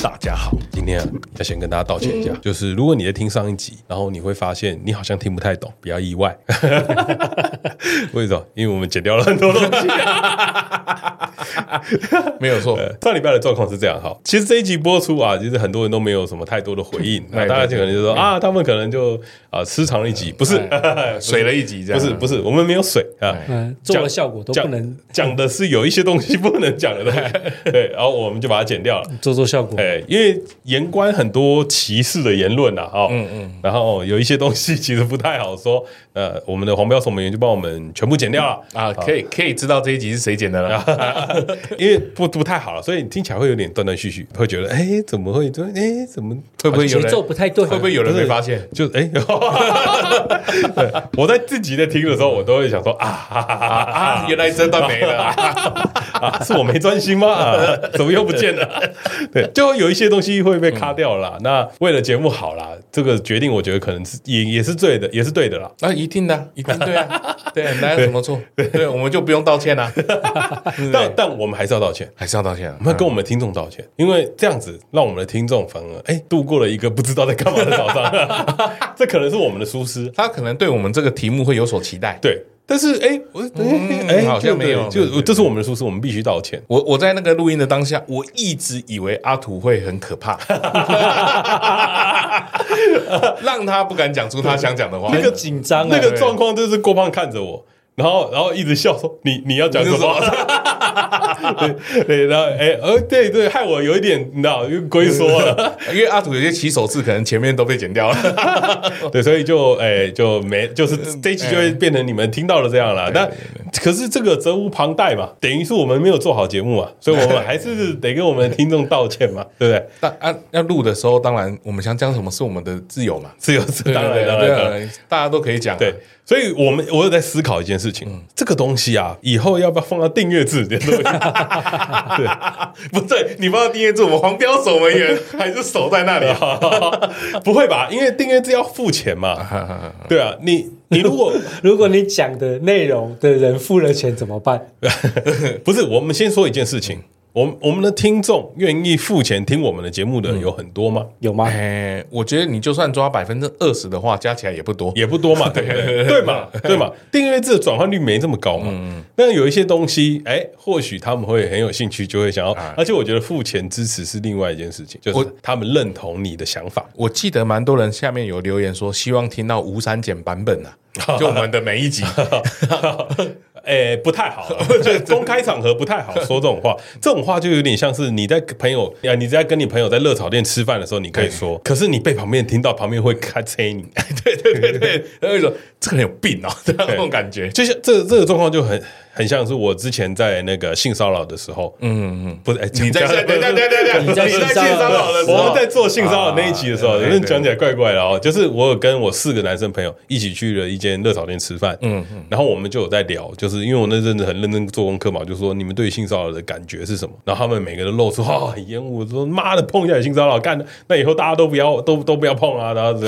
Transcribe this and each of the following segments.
大家好，今天、啊、要先跟大家道歉一下，嗯嗯，就是如果你在聽上一集，然後你會發現你好像聽不太懂，不要意外。 為什麼？因為我們剪掉了很多東西。 沒有錯，上禮拜的狀況是這樣。好，其實這一集播出啊，其實很多人都沒有什麼太多的回應， 哎、那大家就可能就說對對對啊，他們可能就啊，失常了一集，不是水了一集，不是、哎、 不是這樣不是不是，我們沒有水啊，嗯、做了效果都不能講的是有一些東西不能講的 對，然後我們就把它剪掉了，做做效果。欸對，因為言官很多歧視的言論啊，哈、哦，嗯嗯，然後有一些東西其實不太好說，呃，我們的黃標守門員就幫我們全部剪掉了，啊，可以、哦、可以知道這一集是誰剪的了，啊、因為不不太好了，所以你聽起來會有點斷斷續續，會覺得，哎，怎麼會？哎，怎麼，怎麼會不會有人？不啊、會不會有人會發現？啊、就哎、是，啊、 對，我在自己在聽的時候，我都會想說，啊，啊，啊，啊原來這段沒了，是、啊、是我沒專心嗎、啊？怎麼又不見了？ 對，就。有一些東西會被卡掉了啦、嗯，那為了節目好了，這個決定我覺得可能是也也是對的，也是對的了。那、啊、一定的，一定的 對啊，對，哪有什麼錯？對，對 我們就不用道歉啊。 但但我們還是要道歉，還是要道歉、啊、我們要跟我們的聽眾道歉、嗯，因為這樣子讓我們的聽眾反而哎、欸、度過了一個不知道在幹嘛的早上， 這可能是我們的疏失，他可能對我們這個題目會有所期待。對。但是，哎、欸，我，哎、嗯、欸，好像沒有，對對對，就對對對，這是我們的疏失，我們必須道歉。我我在那個錄音的當下，我一直以為阿土會很可怕， 讓他不敢講出他想講的話。那個緊張，那個狀況、欸、那個、就是郭胖看着我。然後，然後一直笑說：“你你要講什麼？” 對對，然後哎，哦，對對，對，害我有一點，你知道，龜縮了、嗯，因為阿土有些起手式， 可能前面都被剪掉了、哦。對，所以就哎，就沒，就是這期就會變成你們聽到的這樣了。那、嗯嗯、可是這個責無旁貸嘛，等於是我們沒有做好節目啊，所以我們還是得跟我們的聽眾道歉嘛，對不對？ 但按、啊、要錄的時候，當然我們想講什麼是我們的自由嘛，自由是當，當，當然，對啊，大家都可以講對。所以我們我有在思考一件事情，嗯，這個東西啊，以後要不要放到訂閱制？對不對？ 對不對，你放到訂閱制，我黃標守門員還是守在那裡、啊？ 不會吧？因為訂閱制要付錢嘛。 對啊，你你如果 如果你講的內容的人付了錢怎麼辦？ 不是，我們先說一件事情。我們我們的聽眾願意付錢聽我們的節目的人有很多嗎？嗯、有嗎、欸？我覺得你就算抓百分之二十的話，加起來也不多，也不多嘛， 對對，對，對，嘛 對嘛，對嘛， 訂閱制轉換率沒這麼高嘛。嗯、那有一些東西，哎、欸，或許他們會很有興趣，就會想要、啊。而且我覺得付錢支持是另外一件事情，就是他們認同你的想法。我，我記得蠻多人下面有留言說，希望聽到無刪減版本啊，就我們的每一集。 誒、欸，不太好，就是公開場合不太好說這種話。 這種話就有點像是你在朋友呀，你在跟你朋友在熱炒店吃飯的時候，你可以說、欸。可是你被旁邊聽到旁，旁邊會開車你，對對對對，然 後說這個人有病哦，這樣這種感覺，就像這個、這個狀況就很。很像是我之前在那個性騷擾的時候，嗯，不是嗯，嗯、欸、你在對，對，對，對，對，你在性騷擾的，我們在做性騷擾那一集的時候，人講起來怪怪的哦。就是我有跟我四個男生朋友一起去了一間熱炒店吃飯，嗯，然後我們就有在聊，就是因為我那陣子很認真做功課嘛，就是說你們對性騷擾的感覺是什麼？然後他們每個人都露出啊厭惡，說媽的碰一下性騷擾幹的，那以後大家都不要都都不要碰啊，這樣。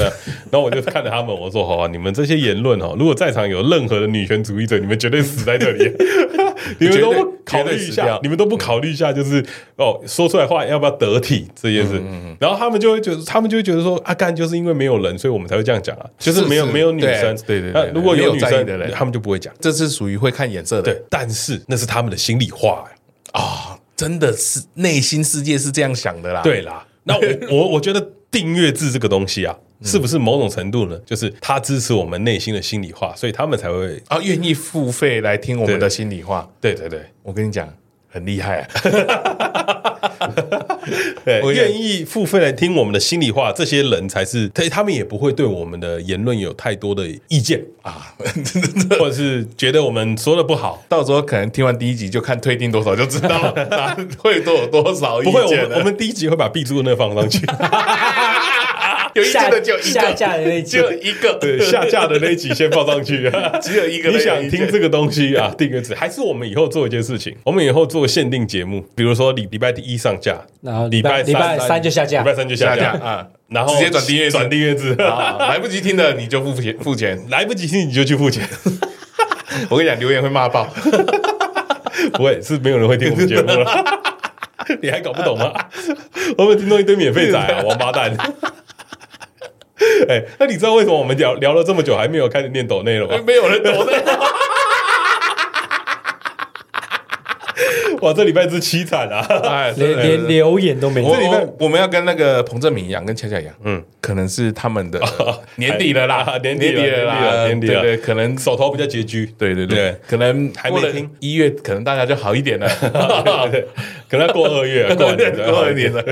然後我就看着他們，我說好啊，你們這些言論哦，如果在場有任何的女權主義者，你們絕對死在這裡。 你們都不考慮一下，絕對絕對你們都不考慮一下，就是哦，說出來話要不要得體這件事嗯嗯嗯，然後他們就會覺得，他們就會覺得說，阿、啊、甘就是因為沒有人，所以我們才會這樣講啊，就是沒有是是沒有女生，對對、對、對對，如果有女生有他們就不會講，這是屬於會看眼色的，對，但是那是他們的心裡話呀，啊、哦，真的是內心世界是這樣想的啦，對啦， 那我我我覺得訂閱制這個東西啊。是不是某種程度呢、嗯？就是他支持我們內心的心裡話，所以他們才會啊願意付費來聽我們的心裡話。對對對，我跟你講，很厲害、啊 對，我願,願意付費來聽我們的心裡話。這些人才是對他們也不會對我們的言論有太多的意見啊， 或者是覺得我們說的不好。 到時候可能聽完第一集就看退訂多少就知道了，會多有多少意見？不會，我我們第一集會把嗶住那放上去。 有一，只有一個下架的就下架的那就一個，對下架的那幾先放上去，只有一個，一 有一個一。你想聽這個東西啊？ 訂閱制，還是我們以後做一件事情？我們以後做限定節目，比如說禮禮拜第一上架，然後禮拜禮拜，拜三就下架，禮拜三就下架啊、嗯。然後直接轉訂閱轉訂閱制啊，來不及聽的你就付錢付錢， 來不及聽你就去付錢。 我跟你講，留言會罵爆， 不會是沒有人會聽我們節目了？ 你還搞不懂嗎？ 我們聽到一堆免費仔、啊， 王八蛋。 哎、欸，那你知道為什麼我們聊聊了這麼久還沒有開始念抖內了嗎、欸？沒有人抖內。 哇，這禮拜真淒慘啊！連連留言都沒有。我，我們要跟那個彭政閔一樣，跟恰恰一樣。嗯，可能是他們的年底了啦，年底了啦，年底了。底了底了底了對，對對，可能手頭比較拮據。對對對，對，可能還沒聽，一月可能大家就好一點了。 可能要過二月，過二年過二年了，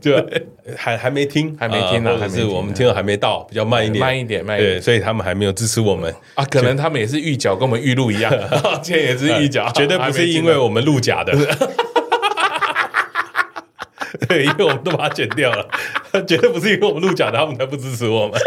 對，還還沒聽，還沒聽呢，還是我們聽友還沒到，比較慢一點，慢一點，慢一點，對，所以他們還沒有支持我們啊，可能他們也是預繳，跟我們預錄一樣，之、啊、前也是預繳、啊，絕對不是因為我們錄假的，對，因為我們都把它剪掉了，絕對不是因為我們錄假的，他們才不支持我們，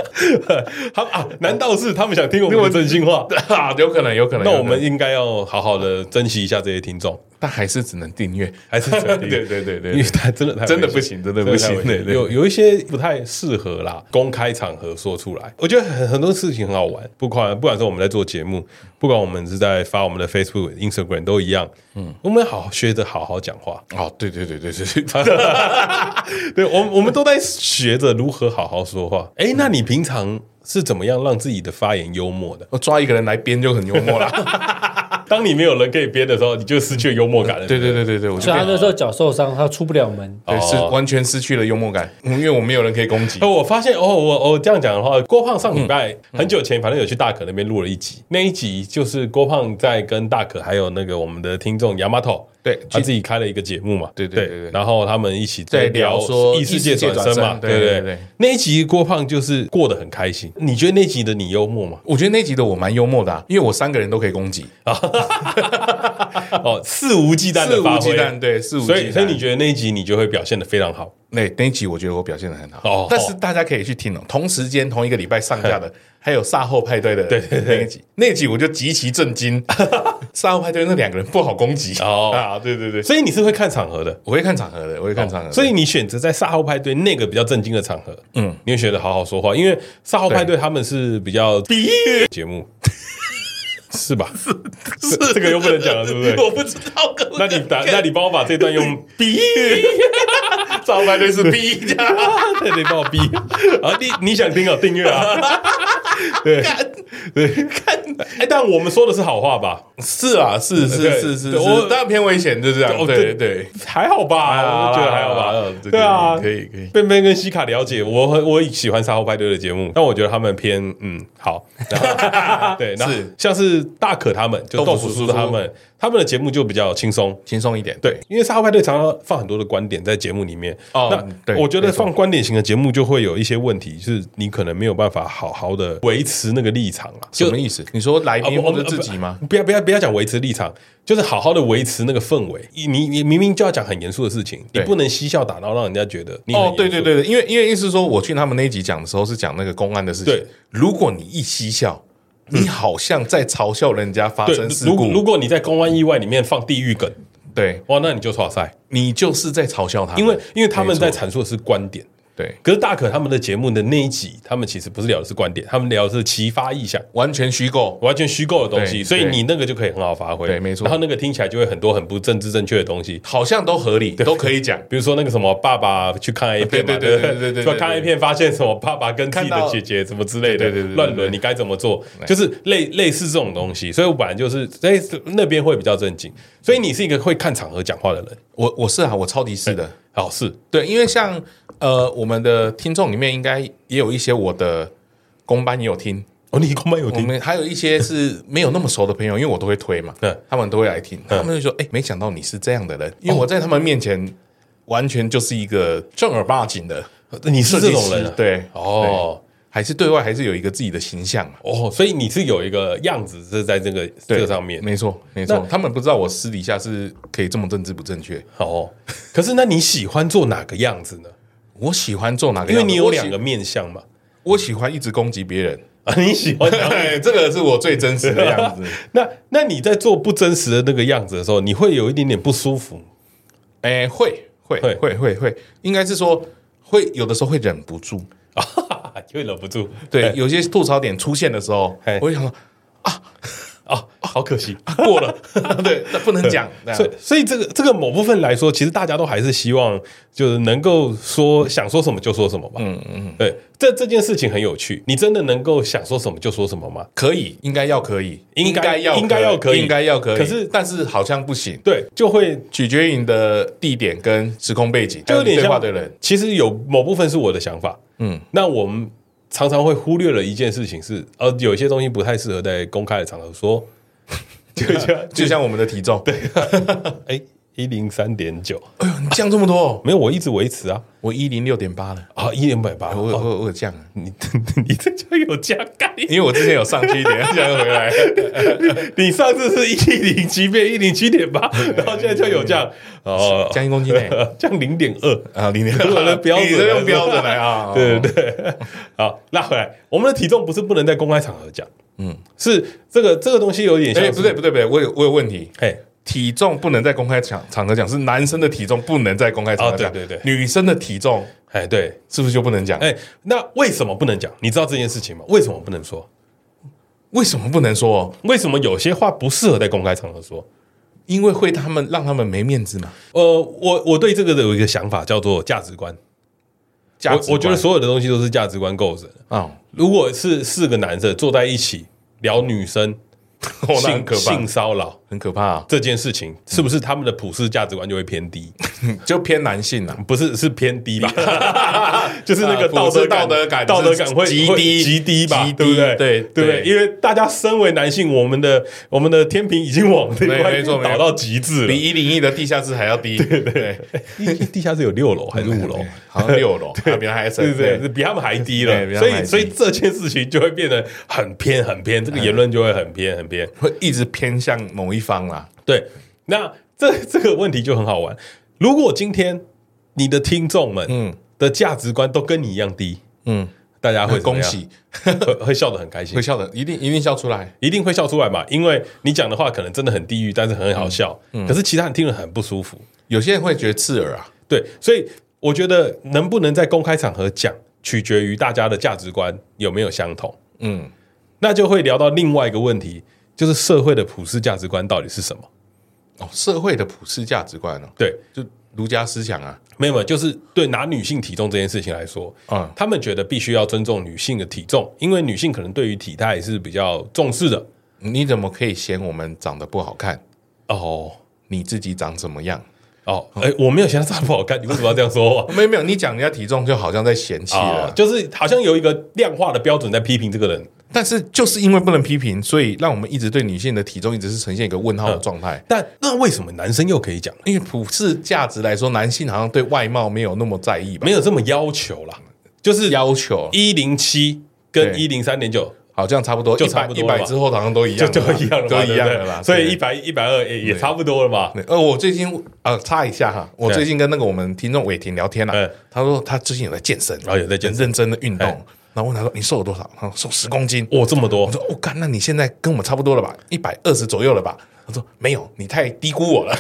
他啊，難道是他們想聽我們的真心話、啊？有可能，有可能，那我們應該要好好的珍惜一下這些聽眾。他還是只能訂閱，還是只能訂閱 對，對對對對，因為他真的他真的不行，真的不行。不行對對對，有有一些不太適合啦，公開場合說出來，我覺得很很多事情很好玩。不管不管是我們在做節目，不管我們是在發我們的 Facebook、Instagram 都一樣。嗯，我們好好學着好好講話、嗯、哦，對對對對對 對，對我們我們都在學着如何好好說話。哎、欸，那你平常是怎麼樣讓自己的發言幽默的？我抓一個人來編就很幽默啦。 當你沒有人可以編的時候，你就失去了幽默感了。對、嗯、對對對對，就是他那時候腳受傷，他出不了門，對，是完全失去了幽默感。嗯，因為我沒有人可以攻擊。哦、我發現哦，我我、哦、這樣講的話，郭胖上禮拜、嗯、很久前、嗯，反正有去大可那邊錄了一集。那一集就是郭胖在跟大可還有那個我們的聽眾 Yamato，對，他自己開了一個節目嘛，對對對對，對。然後他們一起在聊，聊說異世界轉生嘛，生對對對，對。那一集郭胖就是過得很開心。你覺得那集的你幽默嗎？我覺得那集的我蠻幽默的啊，因為我三個人都可以攻擊啊。 肆無忌憚的發揮， 對，肆無忌憚。所以，所以你覺得那一集你就會表現的非常好？那那一集我覺得我表現的很好。哦，但是大家可以去聽哦、喔，同時間同一個禮拜上架的還有撒後派對的，對對對，那一集，那一集我就極其震驚。撒 後派對那兩個人不好攻擊哦，啊，對對對，所以你是會看場合的，我會看場合的，我會看場合、哦，所以你選擇在撒後派對那個比較震驚的場合，嗯，你會覺得好好說話，因為撒後派對他們是比較第一節目。是吧？是是，是，是，這個又不能講了，對不對？我不知道，可可那你打，那你幫我把這段用 B，招牌對是 B，對，幫我 B。啊，你你想聽啊？訂閱啊？對。 對，看，哎、欸，但我們說的是好話吧？是啊，是是是是，是，我當然偏危險，就這樣。對對，對，對，還好吧，啊、我覺得還好吧、啊這個，對啊，可以可以。邊邊跟西卡了解，我很我喜歡沙後派對的節目，但我覺得他們偏嗯好。 對，那是像是大可他們，就豆腐叔叔他們。他們的節目就比較輕鬆，輕鬆一點。對，對，因為《沙發派對》常常放很多的觀點在節目裡面。哦、嗯，那、嗯、對，我覺得放觀點型的節目就會有一些問題，就是你可能沒有辦法好好的維持那個立場了、啊。什麼意思？你說來賓或者自己嗎？哦哦呃、不要不要不要講維持立場，就是好好的維持那個氛圍。你你，你明明就要講很嚴肅的事情，你不能嬉笑打鬧，讓人家覺得你。哦，對對對對，對，因為因為意思說，我去他們那集講的時候是講那個公安的事情。對，如果你一嬉笑。嗯、你好像在嘲笑人家發生事故。如果，如果你在公安意外裡面放地獄梗，對，哇，那你就耍塞，你就是在嘲笑他們，因為因為他們在闡述的是觀點。對，可是大可他們的節目的那一集，他們其實不是聊的是觀點，他們聊的是奇發異想，完全虛構，完全虛構的東西，所以你那個就可以很好發揮，對，沒錯。然後那個聽起來就會很多很不政治正確的，的東西，好像都合理，都可以講。比如說那個什麼爸爸去看 A 片嘛，對對對對去看 A 片發現什麼爸爸跟自己的姐姐什麼之類的亂倫，你該怎麼做？就是類類似這種東西，所以我本來就是，所以那邊會比較正經。所以你是一個會看場合講話的人，我我是啊，我超級是的，欸、哦，是對，因為像呃我們的聽眾裡面應該也有一些我的公班也有聽哦，你公班有聽？還有一些是沒有那麼熟的朋友， 因為我都會推嘛，對、嗯，他們都會來聽，他們就說哎、嗯欸，沒想到你是這樣的人、哦，因為我在他們面前完全就是一個正兒八經的、哦，你是這種人、啊，對哦。對還是對外還是有一個自己的形象哦，oh, 所以你是有一個樣子是在這個這個、上面，沒錯沒錯。他們不知道我私底下是可以這麼政治不正確哦。 可是，那你喜歡做哪個樣子呢？我喜歡做哪個樣子？因為你有兩個面相嘛，我喜,、嗯、我喜歡一直攻擊別人啊，你喜歡個 這個是我最真實的樣子。 那那你在做不真實的那個樣子的時候，你會有一點點不舒服？哎、欸，會會會會會，應該是說會有的時候會忍不住啊。 啊，就會忍不住對，對，有些吐槽點出現的時候，我就想到啊。啊、哦哦，好可惜，過了。 對，不能講。所以，所以這個這個某部分來說，其實大家都還是希望，就是能夠說、嗯、想說什麼就說什麼吧。嗯嗯，對，這這件事情很有趣。你真的能夠想說什麼就說什麼嗎？可以，應該要可以，應該要應該要可以，應該要可以。可是，但是好像不行。對，就會取決於你的地點跟時空背景。就你對話的人，其實有某部分是我的想法。嗯，那我們。常常會忽略了一件事情，是呃，有些東西不太適合在公開的場合說。 就像， 就像就像我們的體重， 對，哎、 欸。一零三點九，哎喲你降這，這麼多，啊，沒有，我一直維持啊，我一零六點八了啊，一零六點八，我、啊、我我降了，你呵呵你這就有加干，因為我之前有上去一點，現在又回來 你。你上次是一零七點一零七點八，然後現在就有降108，哦，降一公斤嘞，降零點二啊，零點二的標準，用標準來啊？對對對，嗯、好，拉回來，我們的體重不是不能在公開場合講，嗯，是這個這個東西有點像，像、欸。不對不對不對，我有我有問題，嘿、欸。體重不能在公開場場合講，是男生的體重不能在公開場合講。哦，對對對，女生的體重，哎，對，是不是就不能講哎？哎，那為什麼不能講？你知道這件事情嗎？為什麼不能說？為什麼不能說？為什麼有些話不適合在公開場合說？因為會他們讓他們沒面子嘛。呃，我我對這個的有一個想法，叫做價值觀。價值觀。我我覺得所有的東西都是價值觀構成啊。嗯。如果是四個男生坐在一起聊女生。嗯。性性騷擾很可怕，很可怕，啊，這件事情是不是他們的普世價值觀就會偏低， 就偏男性啊？不是，是偏低吧？ 就是那個道德道德感道德感會極低極低吧極低？對不對？對對，對因為大家身為男性，我們的我們的天平已經往這邊對沒錯倒到極致了，比一零一的地下室還要低。 對對，地下室有六樓還是五樓？六樓 對、啊，比他還深，對不對，對？比他們還低了，所以，所以這件事情就會變得很偏，很偏，這個言論就會很偏，很偏，嗯，會一直偏向某一方啦。對，那這這個問題就很好玩。如果今天你的聽眾們嗯的價值觀都跟你一樣低，嗯，大家會、嗯，恭喜， 會笑得很開心，會笑得，一定一定笑出來，一定會笑出來嘛，因為你講的話可能真的很地獄，但是很好笑。嗯嗯、可是其他人聽了很不舒服，有些人會覺得刺耳啊。對，所以。我覺得能不能在公開場合講，取決於大家的價值觀有沒有相同。嗯，那就會聊到另外一個問題，就是社會的普世價值觀到底是什麼？哦，社會的普世價值觀呢、哦？對，就儒家思想啊，沒有，就是對拿女性體重這件事情來說啊、嗯，他們覺得必須要尊重女性的體重，因為女性可能對於體態是比較重視的。你怎麼可以嫌我們長得不好看？哦，你自己長什麼樣？哦，哎、欸，我沒有嫌他長得不好看，你為什麼要這樣說？ 沒有沒有，你講人家體重就好像在嫌棄了、哦，就是好像有一個量化的標準在批評這個人。但是就是因為不能批評，所以讓我們一直對女性的體重一直是呈現一個問號的狀態、嗯。但那為什麼男生又可以講？因為普世價值來說，男性好像對外貌沒有那麼在意吧？沒有這麼要求啦，就是要求一零七跟一零三點九。好，這樣差不多，就差不多了吧。一百之後好像都一樣，都一樣都一樣的了對對對對對對。所以一百一百二也也差不多了吧。呃，我最近呃插一下哈，我最近跟那個我們聽眾偉霆聊天了、啊，他說他最近有在健身，然、嗯、後有在健認真的運動。然後問他，他說你瘦了多少？他說瘦十公斤。我、哦、這麼多。我說哦，幹，那你現在跟我們差不多了吧？一百二十左右了吧？他說沒有，你太低估我了。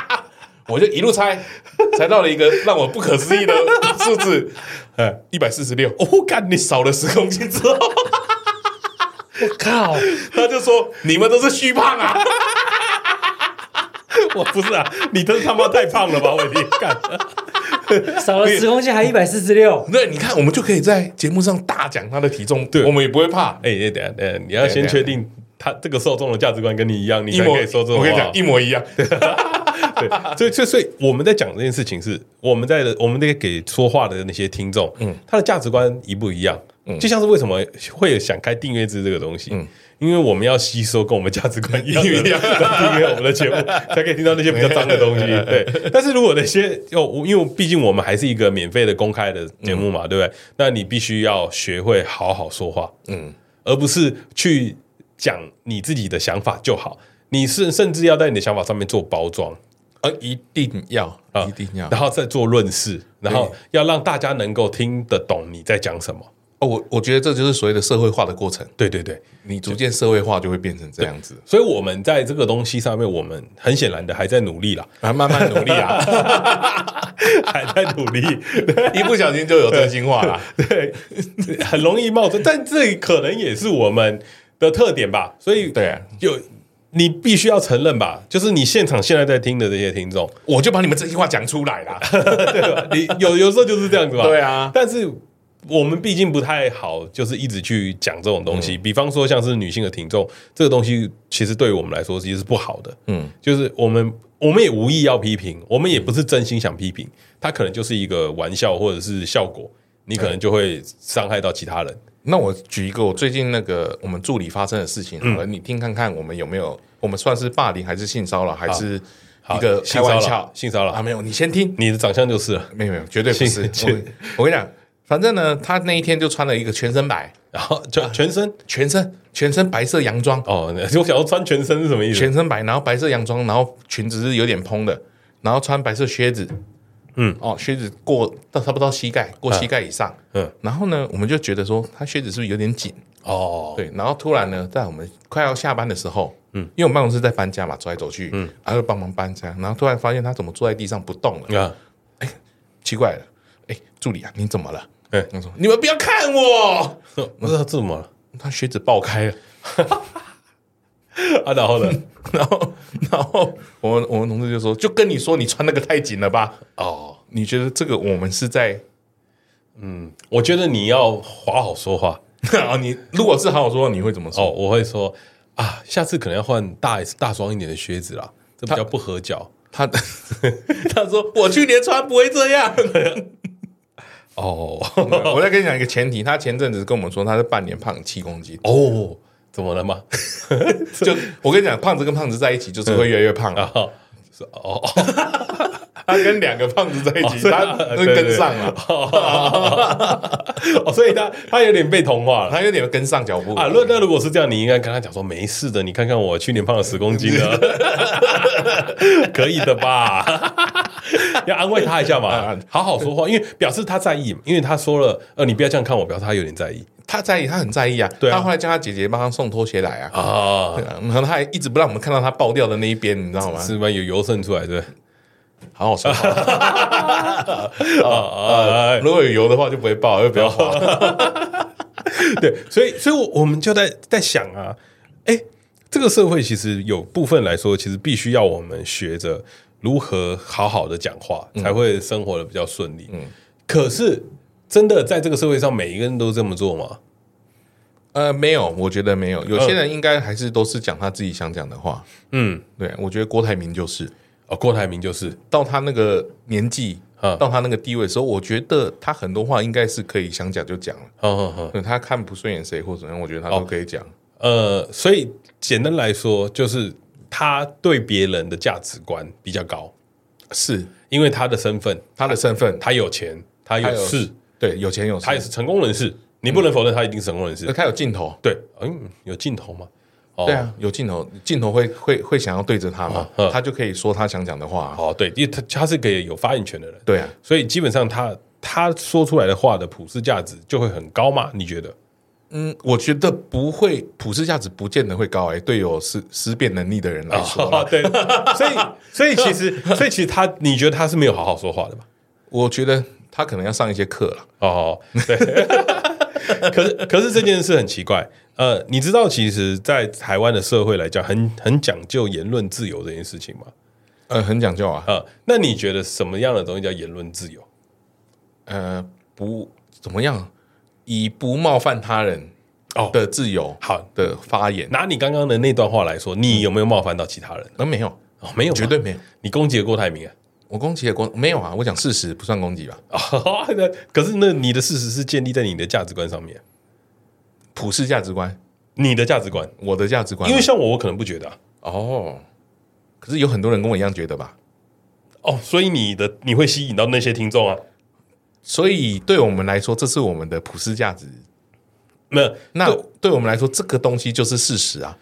我就一路猜，猜到了一個讓我不可思議的數字，呃、 哎，一百四十六。哦，幹，你少了十公斤之後。 靠！他就說你們都是虛胖啊！我 不是啊，你都是他媽太胖了吧？我天，少了十公斤還一百四十六。對，你看，我們就可以在節目上大講他的體重，對我們也不會怕。哎、欸，等下，等下，你要先確定他這個受眾的價值觀跟你一樣，你才可以說這話。我跟你講，一模一樣。 對，所以，所以，所以我們在講這件事情是我們在我們那個給說話的那些聽眾，嗯，他的價值觀一不一樣？嗯、就像是為什麼會想開訂閱制這個東西？嗯，因為我們要吸收跟我們價值觀一樣的訂閱、嗯、我們的節目，才可以聽到那些比較髒的東西。 對，但是如果那些哦，因為畢竟我們還是一個免費的公開的節目嘛，對、嗯、不對？那你必須要學會好好說話，嗯，而不是去講你自己的想法就好。你是甚至要在你的想法上面做包裝，而、啊、一定要啊，一定要，然後再做論事，然後要讓大家能夠聽得懂你在講什麼。我我覺得這就是所謂的社會化的過程。對對對，你逐漸社會化就會變成這樣子。所以我們在這個東西上面，我們很顯然的還在努力啦，還慢慢努力啊， 還在努力。 一不小心就有真心話了， 對，很容易冒出。但這可能也是我們的特點吧。所以有，對，就你必須要承認吧。就是你現場現在在聽的這些聽眾， 我就把你們真心話講出來啦。 對吧，你有有時候就是這樣子吧？ 對啊，但是。我們畢竟不太好，就是一直去講這種東西。嗯、比方說，像是女性的聽眾，這個東西其實對於我們來說其實是不好的。嗯，就是我們我們也無意要批評，我們也不是真心想批評、嗯，它可能就是一個玩笑或者是效果，你可能就會傷害到其他人。那我舉一個我最近那個我們助理發生的事情，嗯，你聽看看我們有沒有我們算是霸凌還是性騷擾還是一個開玩笑性騷擾啊？沒有，你先聽你的長相就是了沒有沒有，絕對不是。我，我跟你講。 反正呢，他那一天就穿了一個全身白，然後就全身全身全身白色洋裝哦。就想要穿全身是什麼意思？全身白，然後白色洋裝，然後裙子是有點蓬的，然後穿白色靴子。嗯，哦，靴子過到差不多膝蓋，過膝蓋以上、啊。嗯，然後呢，我們就覺得說，他靴子是不是有點緊？哦，對。然後突然呢，在我們快要下班的時候，嗯，因為我們辦公室在搬家嘛，走來走去，嗯，後、啊、就幫忙搬家，然後突然發現他怎麼坐在地上不動了？啊，哎，奇怪了，哎，助理啊，你怎麼了？對、欸，你們不要看我。我說他這怎麼了？他靴子爆開了。 啊，然後呢？嗯、然後，然後我，我我們同事就說：“就跟你說，你穿那個太緊了吧？”哦，你覺得這個我們是在……嗯，我覺得你要好好說話。 啊、你如果是好好說話，你會怎麼說、哦？我會說：“啊，下次可能要換大、大雙一點的靴子啦，這比較不合腳。”他他， 他說：“我去年穿不會這樣。 ”哦、oh, okay.， 我再跟你講一個前提，他前陣子跟我們說，他是半年胖七公斤的。哦、oh,，怎麼了嘛？ 就我跟你講，胖子跟胖子在一起，就是會越來越胖啊。是哦。他跟兩個胖子在一起，哦啊，他跟上了，對對對。 所以他他有點被同化，他有點跟上腳步、啊。那如果是這樣，你應該跟他講說沒事的，你看看我去年胖了十公斤了，啊， 可以的吧？ 要安慰他一下嘛，嗯，好好說話，因為表示他在意嘛。因為他說了，呃，你不要這樣看我，表示他有點在意，他在意，他很在意啊。他，啊，後來叫他姐姐幫他送拖鞋來啊。然，啊，後，啊，他還一直不讓我們看到他爆掉的那一邊，你知道嗎？是不是有油滲出來，對。好笑， 啊，啊啊，如果有油的話就不會爆， 又比較滑。 對，所以，所以我們就在在想啊，哎、欸，這個社會其實有部分來說，其實必須要我們學着如何好好的講話、嗯，才會生活的比較順利、嗯。可是真的在這個社會上，每一個人都這麼做嗎？呃，沒有，我覺得沒有。有些人應該還是都是講他自己想講的話。嗯，對，我覺得郭台銘就是。郭台銘就是到他那個年紀、嗯，到他那個地位的時候，我覺得他很多話應該是可以想講就講了。嗯，他看不順眼誰或怎樣，我覺得他都可以講、哦。呃，所以簡單來說，就是他對別人的價值觀比較高，嗯、是因為他的身份，他的身份，他有錢，他有勢，對，有錢有勢，他也是成功人士。你不能否認他一定是成功人士，嗯、他有鏡頭，對，嗯，有鏡頭嘛。哦，對啊，有鏡頭，鏡頭會會會想要對着他嘛、哦，他就可以說他想講的話、啊。哦，對，因為他他是個有發言權的人，對啊，所以基本上他他說出來的話的普世價值就會很高嘛？你覺得？嗯，我覺得不會，普世價值不見得會高、欸。哎，對有識識別能力的人來說、哦，對，所以所以其實所以其實他，你覺得他是沒有好好說話的嘛？我覺得他可能要上一些課了。哦，對。 可是，可是這件事很奇怪。呃，你知道，其實，在台灣的社會來講，很很講究言論自由這件事情嗎？呃，很講究啊。呃，那你覺得什麼樣的東西叫言論自由？呃，不怎麼樣，以不冒犯他人哦的自由，好的發言。哦、拿你剛剛的那段話來說，你有沒有冒犯到其他人？嗯呃、沒有、哦，沒有，絕對沒有、哦。你攻擊過郭台銘啊？我攻擊也攻沒有啊，我講事實不算攻擊吧、哦？可是那你的事實是建立在你的價值觀上面，普世價值觀，你的價值觀，我的價值觀，啊，因為像我，我可能不覺得、啊、哦。可是有很多人跟我一樣覺得吧？哦，所以你的你會吸引到那些聽眾啊。所以對我們來說，這是我們的普世價值。沒有，那，那對，對我們來說，這個東西就是事實啊。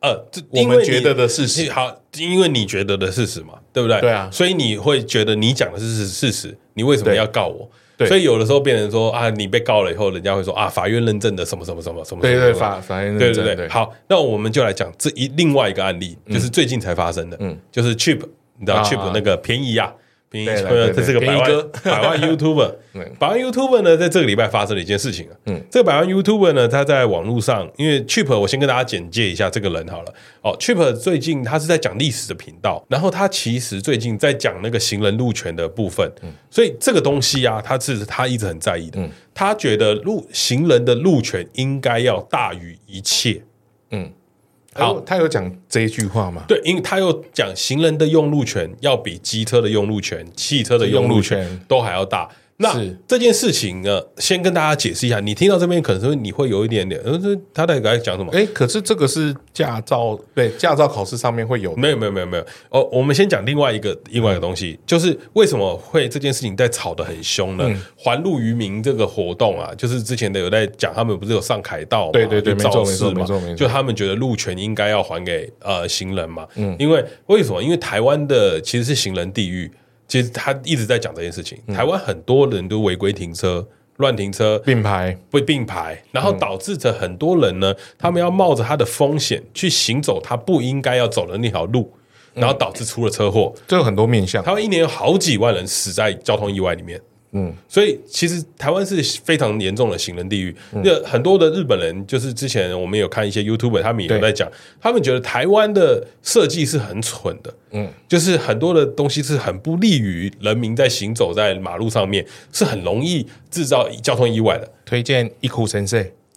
呃，這我們覺得的事實好，因為你覺得的事實嘛，對不對？對啊，所以你會覺得你講的是事實，你為什麼要告我對對？所以有的時候變成說啊，你被告了以後，人家會說啊，法院認證的什麼什麼什麼什麼什麼，什麼，什麼對對，對法法院認證對對對。好，那我們就來講這一另外一個案例，嗯，就是最近才發生的，嗯，就是 cheap，你知道啊啊 cheap 那個便宜呀，啊。平，對對對，這便宜哥， 百萬 YouTuber，百萬 YouTuber 呢，在這個禮拜發生了一件事情啊。嗯，這個百萬 YouTuber 呢，他在網絡上，因為 Cheap，我先跟大家簡介一下這個人好了。哦，Cheap 最近他是在講歷史的頻道，然後他其實最近在講那個行人路權的部分，嗯、所以這個東西啊，他是他一直很在意的。嗯，他覺得路行人的路權應該要大於一切。嗯。好，他有講這一句話嗎？對，因為他有講行人的用路權要比機車的用路權、汽車的用路權都還要大。那這件事情呢，先跟大家解釋一下。你聽到這邊，可能是，是你會有一點點，他、呃、這他在講什麼？誒可是這個是駕照，對，駕照考試上面會有？沒有，沒有，沒有，沒有。哦，我們先講另外一個，另外一個東西，嗯、就是為什麼會這件事情在吵得很凶呢？還、嗯、路於民這個活動啊，就是之前的有在講，他們不是有上凱道對對對，肇事嘛，就他們覺得路權應該要還給呃行人嘛，嗯，因為為什麼？因為台灣的其實是行人地獄其實他一直在講這件事情。台灣很多人都違規停車、嗯、亂停車、併排會併排，然後導致着很多人呢、嗯，他們要冒着他的風險去行走他不應該要走的那條路，嗯、然後導致出了車禍。嗯、這有很多面向，台灣一年有好幾萬人死在交通意外裡面。嗯，所以其實台灣是非常嚴重的行人地獄。那、嗯、很多的日本人就是之前我們有看一些 YouTuber，他們也有在講，他們覺得台灣的設計是很蠢的。嗯，就是很多的東西是很不利於人民在行走在馬路上面，是很容易製造交通意外的。推薦《Eco Sense》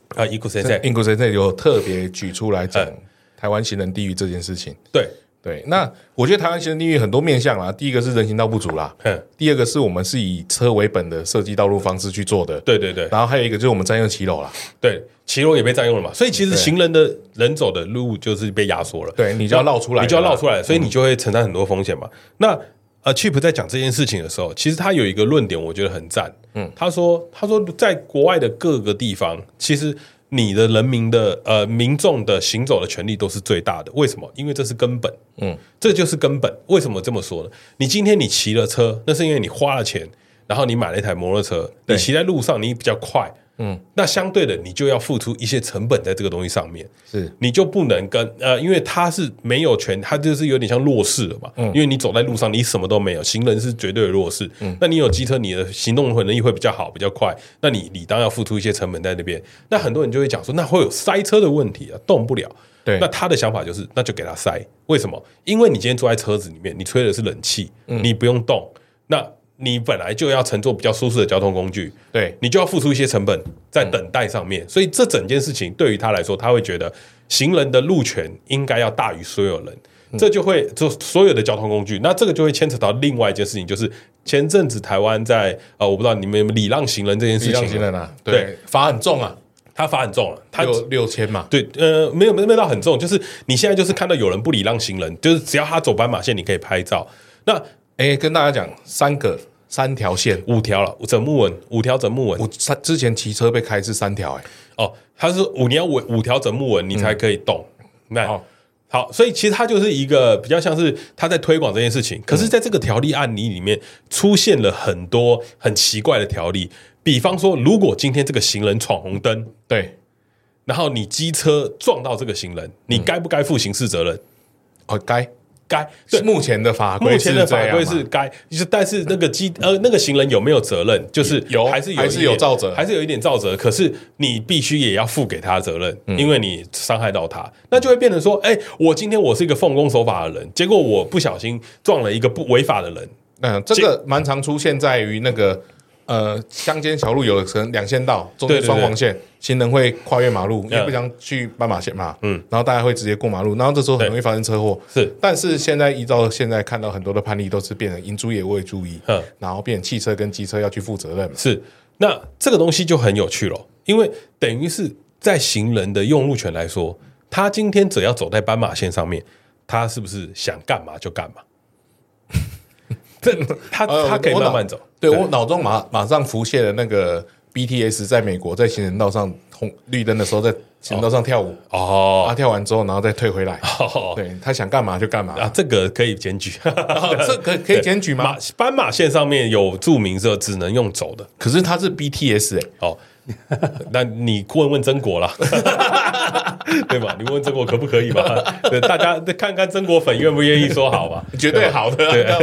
啊，《Eco、嗯、Sense》，《Eco Sense》有特別舉出來講、嗯、台灣行人地獄這件事情，對。對，那我覺得台灣行人地獄很多面向啦，第一個是人行道不足啦，嗯，第二個是我們是以車為本的設計道路方式去做的，對對對，然後還有一個就是我們占用騎樓啦，對，騎樓也被占用了嘛，所以其實行人的人走的路就是被壓縮了，對，你就要繞出來，你就要繞出、出來，所以你就會承擔很多風險嘛。嗯、那呃 cheap 在講這件事情的時候，其實他有一個論點，我覺得很讚，嗯，他說他說在國外的各個地方，其實。你的人民的呃民眾的行走的權利都是最大的，為什麼？因為這是根本，嗯，這就是根本。為什麼這麼說呢？你今天你騎了車，那是因為你花了錢，然後你買了一台摩托車，你騎在路上你比較快。嗯，那相對的，你就要付出一些成本在這個東西上面。是，你就不能跟呃，因為他是沒有權，他就是有點像弱勢了嘛。嗯，因為你走在路上，你什麼都沒有，行人是絕對的弱勢。嗯，那你有機車，你的行動能力會比較好，比較快。那你理當要付出一些成本在那邊，嗯。那很多人就會講說，那會有塞車的問題啊，動不了。對，那他的想法就是，那就給他塞。為什麼？因為你今天坐在車子裡面，你吹的是冷氣，你不用動。嗯、那你本來就要乘坐比較舒適的交通工具，對你就要付出一些成本在等待上面、嗯，所以這整件事情對於他來說，他會覺得行人的路權應該要大於所有人，嗯、這就會就所有的交通工具，那這個就會牽扯到另外一件事情，就是前陣子台灣在呃，我不知道你們有沒有禮讓行人這件事情，禮讓行人啊對，對，罰很重啊，他罰很重啊，他有六，六千嘛，對，呃，沒有沒有到很重，就是你現在就是看到有人不禮讓行人，就是只要他走斑馬線，你可以拍照，那。哎、欸，跟大家講，三個三條線，五條了，枕木紋五條枕木紋。我之之前騎車被開是三條、欸，哎哦，他是五年五五條枕木紋你才可以動。那、嗯哦、好，所以其實他就是一個比較像是他在推廣這件事情。嗯、可是，在這個條例案例裡面出現了很多很奇怪的條例，比方說，如果今天這個行人闖紅燈，對、嗯，然後你機車撞到這個行人，你該不該負刑事責任？嗯、哦，該。該，目前，的法目前的法規是的法規是該，就是，但是那個機 呃，那個行人有沒有責任？就是有，還是有，還是有肇責，還是有一點肇責。可是你必須也要負給他責任，嗯，因為你傷害到他，嗯、那就會變成說，哎、欸，我今天我是一個奉公守法的人，結果我不小心撞了一個不違法的人，嗯，這個蠻常出現在於那個。呃，鄉間小路有成兩線道，中間雙黃線。對對對，行人會跨越馬路，因為不想去斑馬線嘛，嗯，然後大家會直接過馬路，然後這時候很容易發生車禍。是，但是現在依照現在看到很多的判例，都是變成應注意也未注意，嗯，然後變成汽車跟機車要去負責任。是，那這個東西就很有趣了，因為等於是在行人的用路權來說，他今天只要走在斑馬線上面，他是不是想幹嘛就幹嘛？ 這他、呃、他可以慢慢走。對我腦中馬馬上浮現了那個 BTS 在美國，在行人道上紅綠燈的時候在行人道上跳舞哦，他、哦啊、跳完之後然後再退回來，哦、對他想幹嘛就幹嘛啊，這個可以檢舉，哦、這可以可以檢舉嗎？斑馬線上面有注明說只能用走的，可是他是 BTS，欸、哦，那你問問曾國啦。 對嘛？你問中國可不可以嘛？ 大家看看中國粉願不願意說，好吧？對 絕對好的、啊。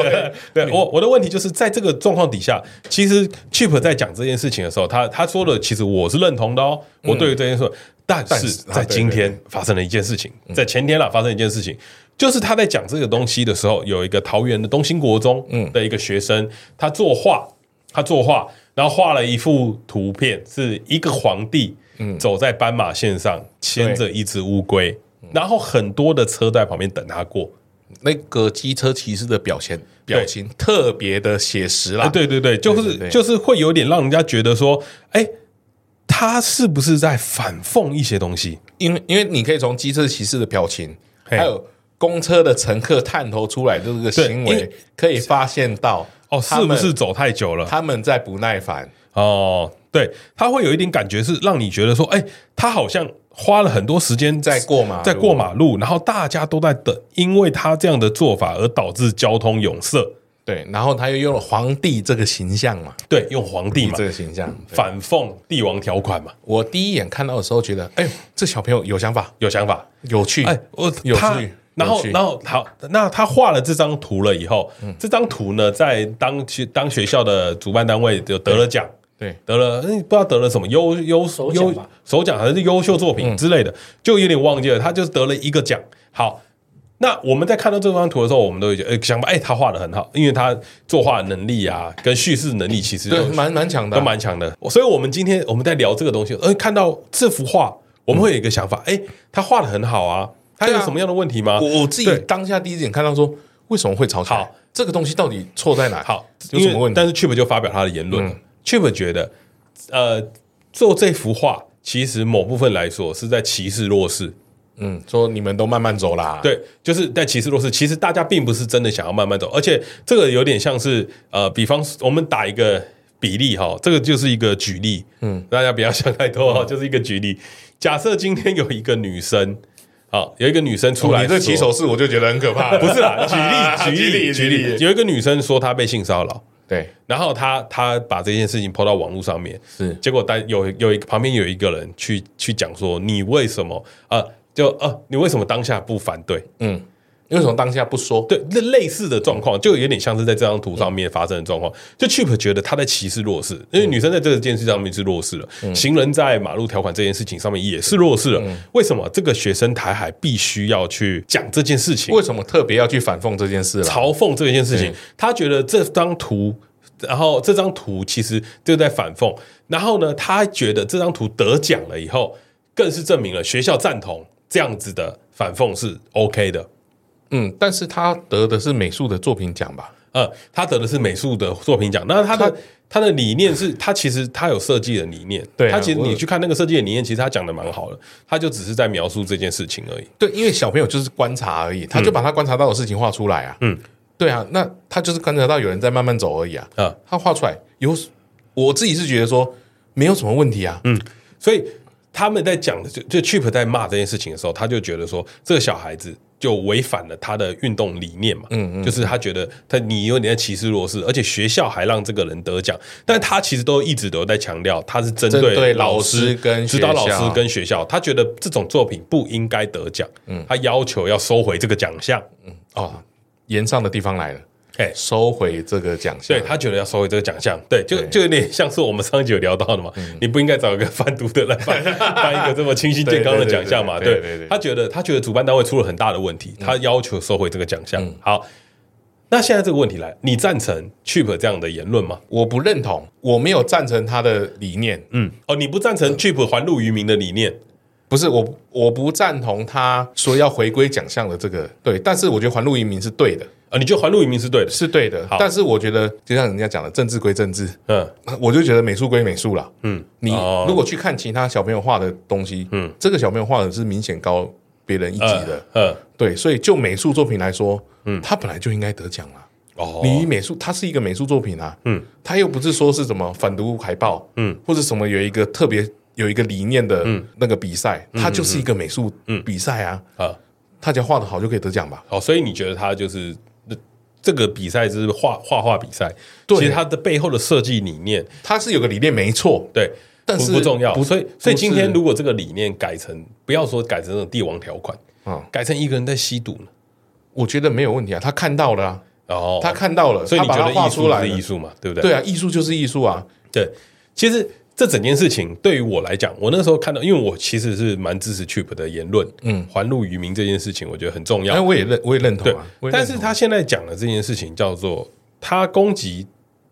對， 對我我的問題就是在這個狀況底下，其實 Cheap 在講這件事情的時候，他他說的其實我是認同的哦。嗯、我對於這件事，但是在今天發生了一件事情，嗯、在前天了發生了一件事情，嗯、就是他在講這個東西的時候，有一個桃園的東興國中的一個學生，他作畫，他作畫，然後畫了一幅圖片，是一個皇帝。嗯，走在斑馬線上，牽着一隻烏龜，然後很多的車在旁邊等他過。那個機車騎士的表現，表情特別的寫實啦。對對對,對，就是對對對對就是會有點讓人家覺得說，哎、欸，他是不是在反諷一些東西？因為因為你可以從機車騎士的表情，還有公車的乘客探頭出來的這個行為，為可以發現到哦，是不是走太久了？他們在不耐煩哦。對，他會有一點感覺，是讓你覺得說，哎、欸，他好像花了很多時間在過馬、嗯，在過馬路，然後大家都在等，因為他這樣的做法而導致交通堵塞。對，然後他又用了皇帝這個形象嘛，對，用皇帝嘛，皇帝這個形象反諷帝王條款嘛。我第一眼看到的時候覺得，哎，這小朋友有想法，有想法，有趣。哎，我、呃、有趣。然後然後好，那他畫了這張圖了以後，嗯、這張圖呢，在當當學校的主辦單位就得了獎。對，得了，不知道得了什麼優優首獎還是優秀作品之類的、嗯，就有點忘記了。他就是得了一個獎。好，那我們在看到這張圖的時候，我們都會覺得誒想法哎，他畫的很好，因為他作畫能力啊，跟敘事能力其實都蠻蠻強的、啊，都蠻強的。所以，我們今天我們在聊這個東西，看到這幅畫，我們會有一個想法，哎，他畫的很好啊，他有什麼樣的問題嗎？啊、我，我自己當下第一眼看到說，為什麼會吵起來？好，這個東西到底錯在哪？好，有什麼問題？但是 Cheap 就發表他的言論。嗯卻不覺得，呃，做這幅畫其實某部分來說是在歧視弱勢，嗯，說你們都慢慢走啦。對，就是在歧視弱勢。其實大家並不是真的想要慢慢走，而且這個有點像是呃，比方我們打一個比例哈、哦，這個就是一個舉例，嗯，大家不要想太多哈，就是一個舉例。假設今天有一個女生，好、哦、有一個女生出來，哦、你這起手勢我就覺得很可怕。 不是啦，舉例舉例舉例，舉例，有一個女生說她被性騷擾。對，然後他他把這件事情拋到網絡上面，是結果，但有有一個旁邊有一個人去去講說，你為什麼啊、呃？就啊、呃，你為什麼當下不反對？嗯。為什麼當下不說？對，那類似的狀況、嗯、就有點像是在這張圖上面發生的狀況、嗯。就 cheap 覺得他在歧視弱勢、嗯，因為女生在這個件事上面是弱勢了、嗯，行人在馬路條款這件事情上面也是弱勢了、嗯。為什麼這個學生台海必須要去講這件事情？為什麼特別要去反諷這件事、啊？嘲諷這件事情，嗯、他覺得這張圖，然後這張圖其實就在反諷。然後呢，他覺得這張圖得獎了以後，更是證明了學校贊同這樣子的反諷是 OK 的。嗯，但是他得的是美術的作品獎吧？嗯，他得的是美術的作品獎、嗯。那他的、嗯、他的理念是、嗯、他其實他有設計的理念，對、啊、他其實你去看那個設計的理念，其實他講的蠻好的。他就只是在描述這件事情而已。對，因為小朋友就是觀察而已，他就把他觀察到的事情畫出來啊。嗯，對啊，那他就是觀察到有人在慢慢走而已啊。嗯，他畫出來有，我自己是覺得說沒有什麼問題啊。嗯，所以他們在講的就就 cheap 在罵這件事情的時候，他就覺得說這個小孩子。就違反了他的運動理念嘛，嗯嗯，就是他覺得他你有點在歧視弱勢，而且學校還讓這個人得獎，但他其實都一直都在強調，他是針對老師跟指導老師跟學校，他覺得這種作品不應該得獎，嗯，他要求要收回這個獎項。嗯，嗯哦，沿上的地方來了。欸、收回這個獎項，對，他覺得要收回這個獎項，對，就對就有點像是我們上一集有聊到的嘛。嗯、你不應該找一個販毒的來辦， 辦一個這麼清新健康的獎項嘛？對，對，對，對，對，對，對，對，對，對。他覺得，他覺得主辦單位出了很大的問題，嗯、他要求收回這個獎項、嗯。好，那現在這個問題來，你贊成 Cheap 這樣的言論嗎？我不認同，我沒有贊成他的理念。嗯，哦，你不贊成 Cheap 還路於民的理念？嗯、不是，我我不贊同他說要回歸獎項的這個對，但是我覺得還路於民是對的。啊，你覺得環路移民是對的，是對的。但是我覺得，就像人家講的，政治歸政治，嗯，我就覺得美術歸美術了。嗯，你如果去看其他小朋友畫的東西，嗯，這個小朋友畫的是明顯高別人一級的，嗯，對。所以就美術作品來說，嗯，他本來就應該得獎了。哦，你美術，它是一個美術作品啊，嗯，他又不是說是什麼反毒海報，嗯，或者什麼有一個特別有一個理念的，那個比賽、嗯，它就是一個美術嗯比賽啊，啊、嗯，他、嗯嗯嗯、只要畫的好就可以得獎吧。哦，所以你覺得他就是。這個比賽是畫畫畫比賽，其實它的背後的設計理念，它是有個理念沒錯，對，但是不，不重要，所以所以今天如果這個理念改成不，不要說改成那種帝王條款，啊、嗯，改成一個人在吸毒呢，我覺得沒有問題啊，他看到了、啊，然、哦、後他看到了、哦，所以你覺得藝術是藝術嘛，對不對？對啊，藝術就是藝術啊，對，其實。這整件事情對於我來講，我那時候看到，因為我其實是蠻支持 cheap 的言論，嗯，還路於民這件事情，我覺得很重要。但我也認，我也認同啊、對、我也認同。但是，他現在講的這件事情叫做他攻擊、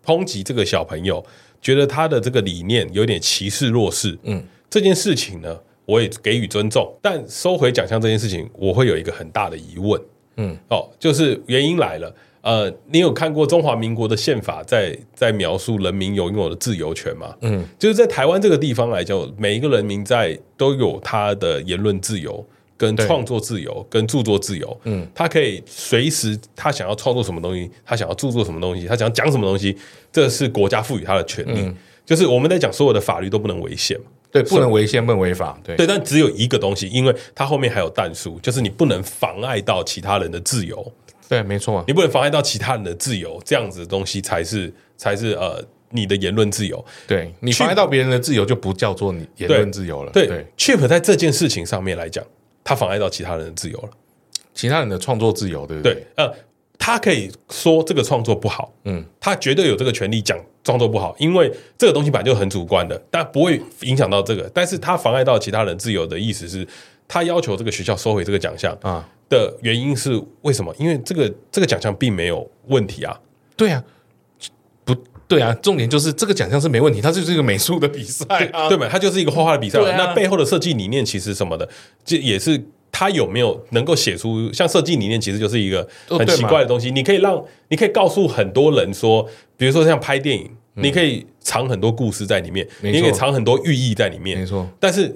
抨擊這個小朋友，覺得他的這個理念有點歧視弱勢。嗯，這件事情呢，我也給予尊重。但收回獎項這件事情，我會有一個很大的疑問。嗯，哦，就是原因來了。呃，你有看過中華民國的憲法在在描述人民擁有的自由權嗎？嗯，就是在台灣這個地方來講，每一個人民在都有他的言論自由、跟創作自由、跟著作自由。嗯，他可以隨時他想要創作什麼東西，他想要著作什麼東西，他想要講什麼東西，這是國家賦予他的權利。嗯、就是我們在講所有的法律都不能違憲，對，不能違憲，不能違法對，對。但只有一個東西，因為它後面還有但書，就是你不能妨礙到其他人的自由。對，沒錯啊，你不能妨礙到其他人的自由，這樣子的東西才是才是呃你的言論自由。對，你妨礙到別人的自由就不叫做你言論自由了。對，對，對，cheap 在這件事情上面來講，他妨礙到其他人的自由了，其他人的創作自由，對不對？對，呃，他可以說這個創作不好，嗯，他絕對有這個權利講創作不好，因為這個東西本來就很主觀的，但不會影響到這個，但是他妨礙到其他人自由的意思是。他要求這個學校收回這個獎項啊的原因是為什麼？因為這個這個獎項並沒有問題啊。對啊，不對啊。重點就是這個獎項是沒問題，它就是一個美術的比賽，對吧，啊啊啊？它就是一個畫畫的比賽，啊。那背後的設計理念其實什麼的，這也是它有沒有能夠寫出像設計理念，其實就是一個很奇怪的東西。你可以讓，你可以告訴很多人說，比如說像拍電影，嗯、你可以藏很多故事在裡面，你可以藏很多寓意在裡面，沒錯。但是。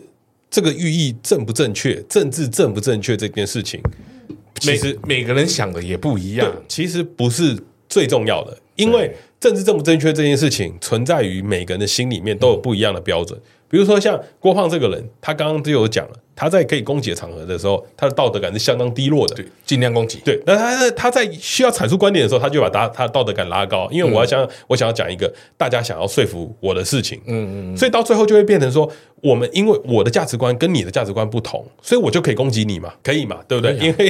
這個寓意正不正確，政治正不正確這件事情，其實每，每個人想的也不一樣。其實不是最重要的，因為政治正不正確這件事情，存在於每個人的心裡面，都有不一樣的標準。嗯。比如說像郭胖這個人，他剛剛就有講了。他在可以攻擊的場合的時候，他的道德感是相當低落的。對，盡量攻擊。對，那他他在需要闡述觀點的時候，他就把他他道德感拉高，因為我要想，嗯、我想要講一個大家想要說服我的事情。嗯，嗯嗯。所以到最後就會變成說，我們因為我的價值觀跟你的價值觀不同，所以我就可以攻擊你嘛？可以嘛？對不對？可以，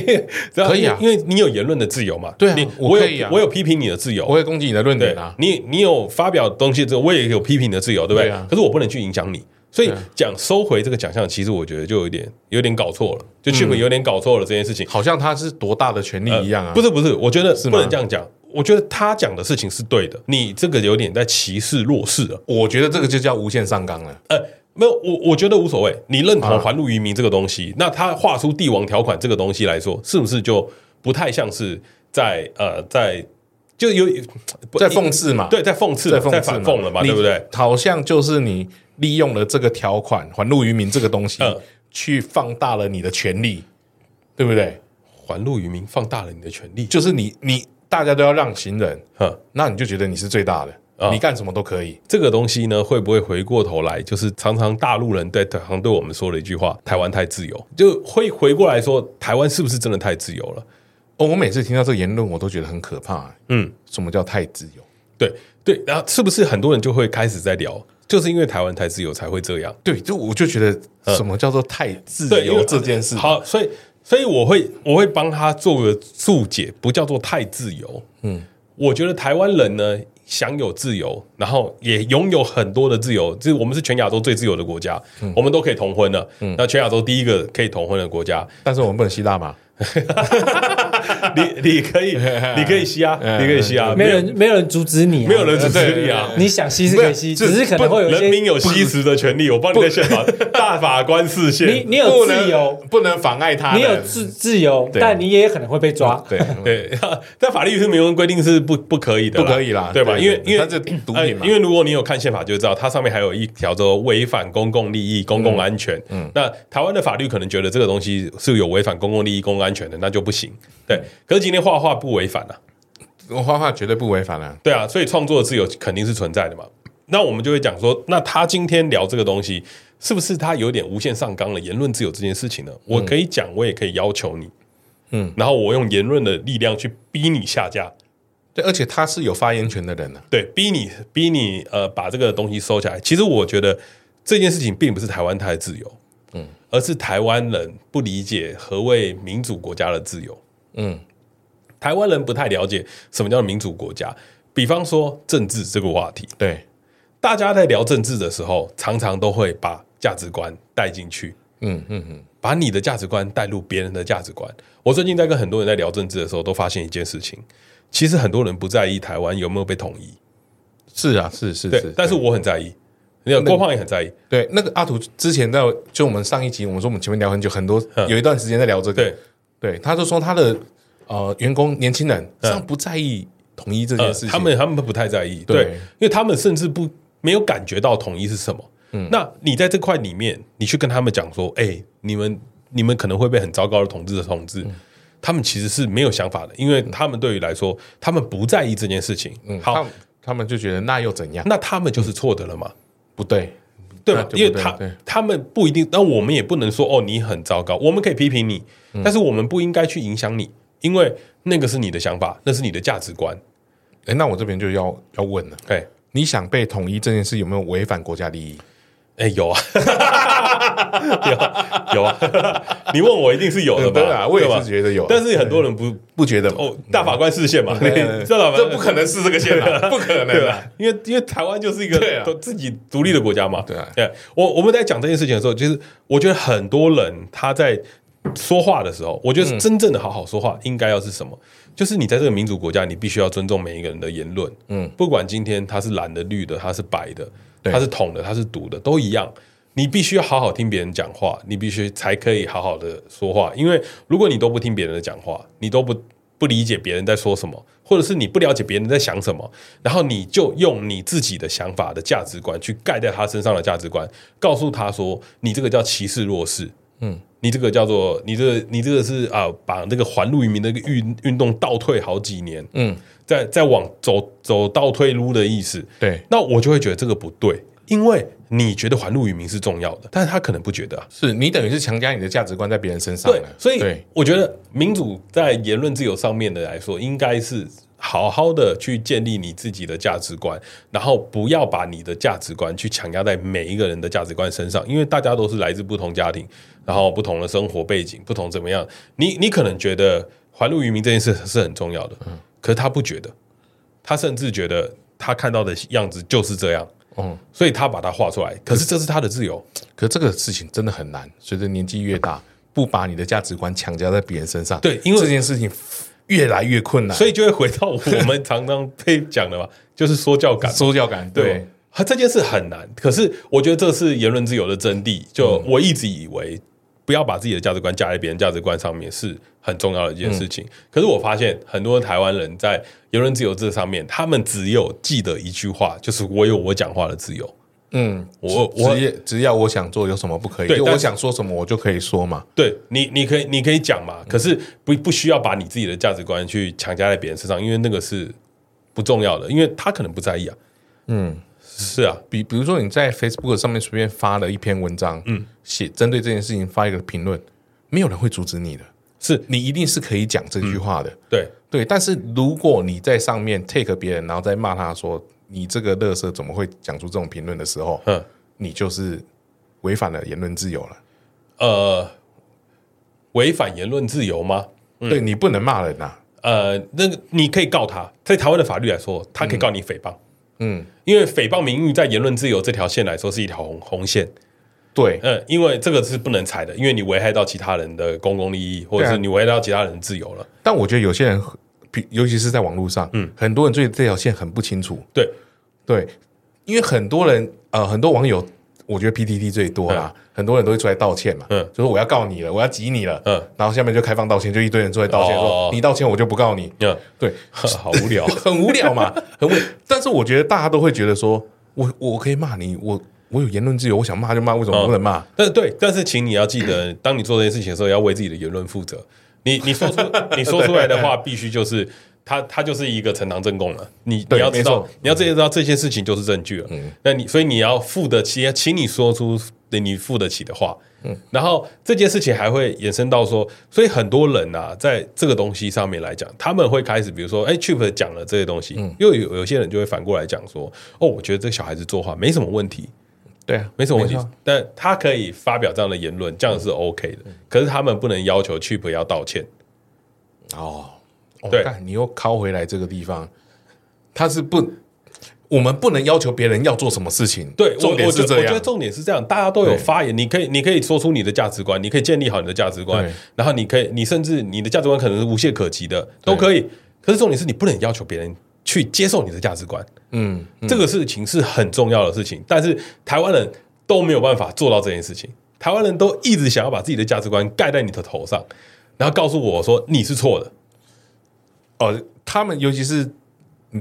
可以啊，因為你有言論的自由嘛。對啊。你我有、啊，我有批評你的自由，我會攻擊你的論點啊。你你有發表東西之後，我也有批評的自由，對不對？對啊。可是我不能去影響你。所以講收回這個獎項，其實我覺得就有點有點搞錯了，就政府有點搞錯了這件事情，嗯，好像他是多大的權力一樣啊，呃，不是不是，我覺得是不能這樣講。我覺得他講的事情是對的，你這個有點在歧視弱勢了、啊。我覺得這個就叫無限上綱了。呃，沒有，我我覺得無所謂。你認同還路於民這個東西，啊，那他畫出帝王條款這個東西來說，是不是就不太像是在呃在？就有在諷刺嘛？對，在諷刺了，在諷刺嘛，在反諷了吧？對不對？好像就是你利用了這個條款“還路於民”這個東西、嗯，去放大了你的權利，對不對？“還路於民”放大了你的權利，就是你你大家都要讓行人，哈、嗯，那你就覺得你是最大的、嗯，你幹什麼都可以。這個東西呢，會不會回過頭來？就是常常大陸人對，常常對我們說的一句話：“台灣太自由”，就會回過來說：“台灣是不是真的太自由了？”哦，我每次聽到這個言論，我都覺得很可怕、欸。嗯，什麼叫太自由？對對，然後是不是很多人就會開始在聊，就是因為台灣太自由才會這樣？對，就我就覺得什麼叫做太自由這件事、嗯？好，所以所以我會我會幫他做個注解，不叫做太自由。嗯，我覺得台灣人呢享有自由，然後也擁有很多的自由。就是我們是全亞洲最自由的國家、嗯，我們都可以同婚了。嗯，那全亞洲第一個可以同婚的國家，但是我們不能吸大麻？ 你你可以， 你可以吸啊， 你可以吸啊，沒人、嗯、沒有人阻止你，沒有人阻止你啊，你，啊對對對，你想吸是可以吸，是只是可能會有人民有吸食的權利，我幫你看憲法， 大法官釋憲，你你有自由，不能，不能妨礙他，你有自自由，但你也有可能會被抓，對對、嗯，但法律是明文規定是不不可以的，不可以啦，對吧？對對對，因為因為、呃、因為如果你有看憲法就知道，它上面還有一條說違反公共利益、公共安全，嗯，嗯，那台灣的法律可能覺得這個東西是有違反公共利益、公共安全的，那就不行。對，可是今天畫畫不違反了，我畫畫絕對不違反了。對啊，所以創作的自由肯定是存在的嘛。那我們就會講說，那他今天聊這個東西，是不是他有點無限上綱了？言論自由這件事情呢？我可以講，我也可以要求你，嗯，然後我用言論的力量去逼你下架。對，而且他是有發言權的人呢，對，逼你逼你呃，把這個東西收起來。其實我覺得這件事情並不是台灣太自由，嗯，而是台灣人不理解何謂民主國家的自由。嗯，台灣人不太了解什麼叫民主國家。比方說政治這個話題，對，大家在聊政治的時候，常常都會把價值觀帶進去。嗯嗯嗯，把你的價值觀帶入別人的價值觀。我最近在跟很多人在聊政治的時候，都發現一件事情：其實很多人不在意台灣有沒有被統一。是啊，是是是，是，但是我很在意。你看郭胖也很在意。對，那個阿圖之前在就我們上一集，我們說我們前面聊很久，很多、嗯、有一段時間在聊這個。對。對，他就說他的呃員工年輕人，他不在意統一這件事情，他們他們不太在意對，對，因為他們甚至不沒有感覺到統一是什麼。嗯。那你在這塊裡面，你去跟他們講說，哎，你們你們可能會被很糟糕的統治的統治。嗯，他們其實是沒有想法的，因為他們對於來說，他們不在意這件事情。好，嗯，他們，他們就覺得那又怎樣？那他們就是錯的了嗎？嗯，不對。對吧？因為他他們不一定，那我們也不能說哦，你很糟糕。我們可以批評你，嗯，但是我們不應該去影響你，因為那個是你的想法，那是你的價值觀。哎，那我這邊就要要問了，哎，你想被統一這件事有沒有違反國家利益？哎，有啊。 有、啊、有、啊，你問我一定是有的吧？嗯啊、我也是覺得有，但是很多人不不覺得哦、嗯。大法官釋憲嘛，這、嗯嗯、這不可能釋這個憲啊， 對啊不可能啊！因為因為台灣就是一個自己獨立的國家嘛。對啊，對，我我們在講這件事情的時候，就是我覺得很多人他在說話的時候，我覺得真正的好好說話應該要是什麼？就是你在這個民主國家，你必須要尊重每一個人的言論。嗯，不管今天他是藍的、綠的，他是白的，啊、他是統的，他是獨的，都一樣。你必須要好好聽別人講話，你必須才可以好好的說話。因為如果你都不聽別人的講話，你都不不理解別人在說什麼，或者是你不了解別人在想什麼，然後你就用你自己的想法的價值觀去蓋在他身上的價值觀，告訴他說，你這個叫歧視弱勢，嗯，你這個叫做你這個、你這個是啊、呃，把那個還路於民的運運動倒退好幾年，嗯，再再往走走倒退嚕的意思，對，那我就會覺得這個不對。因為你覺得還路於民是重要的，但是他可能不覺得，啊，是你等於是強加你的價值觀在別人身上。對，所以，對，我覺得民主在言論自由上面的來說，應該是好好的去建立你自己的價值觀，然後不要把你的價值觀去強加在每一個人的價值觀身上，因為大家都是來自不同家庭，然後不同的生活背景，不同怎麼樣，你你可能覺得還路於民這件事是很重要的，可是他不覺得，他甚至覺得他看到的樣子就是這樣。嗯，所以他把它畫出來，可是這是他的自由，可是這個事情真的很難。隨着年紀越大，不把你的價值觀強加在別人身上，對，因為這件事情越來越困難，所以就會回到我們常常被講的嘛， 就是說教感，說教感。對。對。啊，這件事很難，可是我覺得這是言論自由的真諦。就我一直以為。不要把自己的價值觀加在別人價值觀上面是很重要的一件事情。嗯。可是我發現很多的台灣人在言論自由這上面，他們只有記得一句話，就是“我有我講話的自由”。嗯，我我只要我想做，有什麼不可以？對，我想說什麼，我就可以說嘛。對，你你可以你可以講嘛。嗯，可是不不需要把你自己的價值觀去強加在別人身上，因為那個是不重要的，因為他可能不在意啊。嗯。是啊，比比如說你在 Facebook 上面隨便發了一篇文章，嗯，寫針對這件事情發一個評論，沒有人會阻止你的，是你一定是可以講這句話的，嗯、對對。但是如果你在上面 take 別人，然後再罵他說你這個垃圾怎麼會講出這種評論的時候，嗯，你就是違反了言論自由了。呃，違反言論自由嗎？嗯、對你不能罵人啊。呃，那個你可以告他，在台灣的法律來說，他可以告你誹謗。嗯嗯，因為誹謗名譽在言論自由這條線來說是一條紅紅線。對，嗯，因為這個是不能踩的，因為你危害到其他人的公共利益，啊、或者是你危害到其他人自由了。但我覺得有些人，尤其是在網絡上，嗯，很多人對這條線很不清楚。對，對，因為很多人，呃，很多網友。我覺得 PTT 最多啦、啊嗯，很多人都會出來道歉嘛，嗯、就是我要告你了，我要吉你了、嗯，然後下面就開放道歉，就一堆人出來道歉哦哦哦哦說你道歉我就不告你，嗯、對，好無聊， 很無聊嘛，很無， 但是我覺得大家都會覺得說我我可以罵你，我我有言論自由，我想罵就罵，為什麼不能罵？哦、但對，但是請你要記得， 當你做這件事情的時候，要為自己的言論負責。你你說出你說出來的話， 必須就是。他他就是一個呈堂證供了，你你要知道，你要這些知道、嗯、這些事情就是證據了。嗯，那你所以你要付得起，請你說出你付得起的話。嗯，然後這件事情還會延伸到說，所以很多人吶、啊，在這個東西上面來講，他們會開始比如說，誒、欸、，cheap 講了這些東西，嗯、又有有些人就會反過來講說，哦，我覺得這個小孩子作畫沒什麼問題，對啊，沒什麼問題，但他可以發表這樣的言論，這樣是 OK 的。嗯、可是他們不能要求 cheap 要道歉。哦。Oh, 對，你又靠回來這個地方，他是不，我們不能要求別人要做什麼事情。對，重點是這樣。我，我覺得，我覺得重點是這樣，大家都有發言，你可以，你可以說出你的價值觀，你可以建立好你的價值觀，然後你可以，你甚至你的價值觀可能是無懈可擊的，都可以。可是重點是你不能要求別人去接受你的價值觀。嗯，這個事情是很重要的事情，嗯嗯、但是台灣人都沒有辦法做到這件事情。台灣人都一直想要把自己的價值觀蓋在你的頭上，然後告訴我說你是錯的。哦，他們尤其是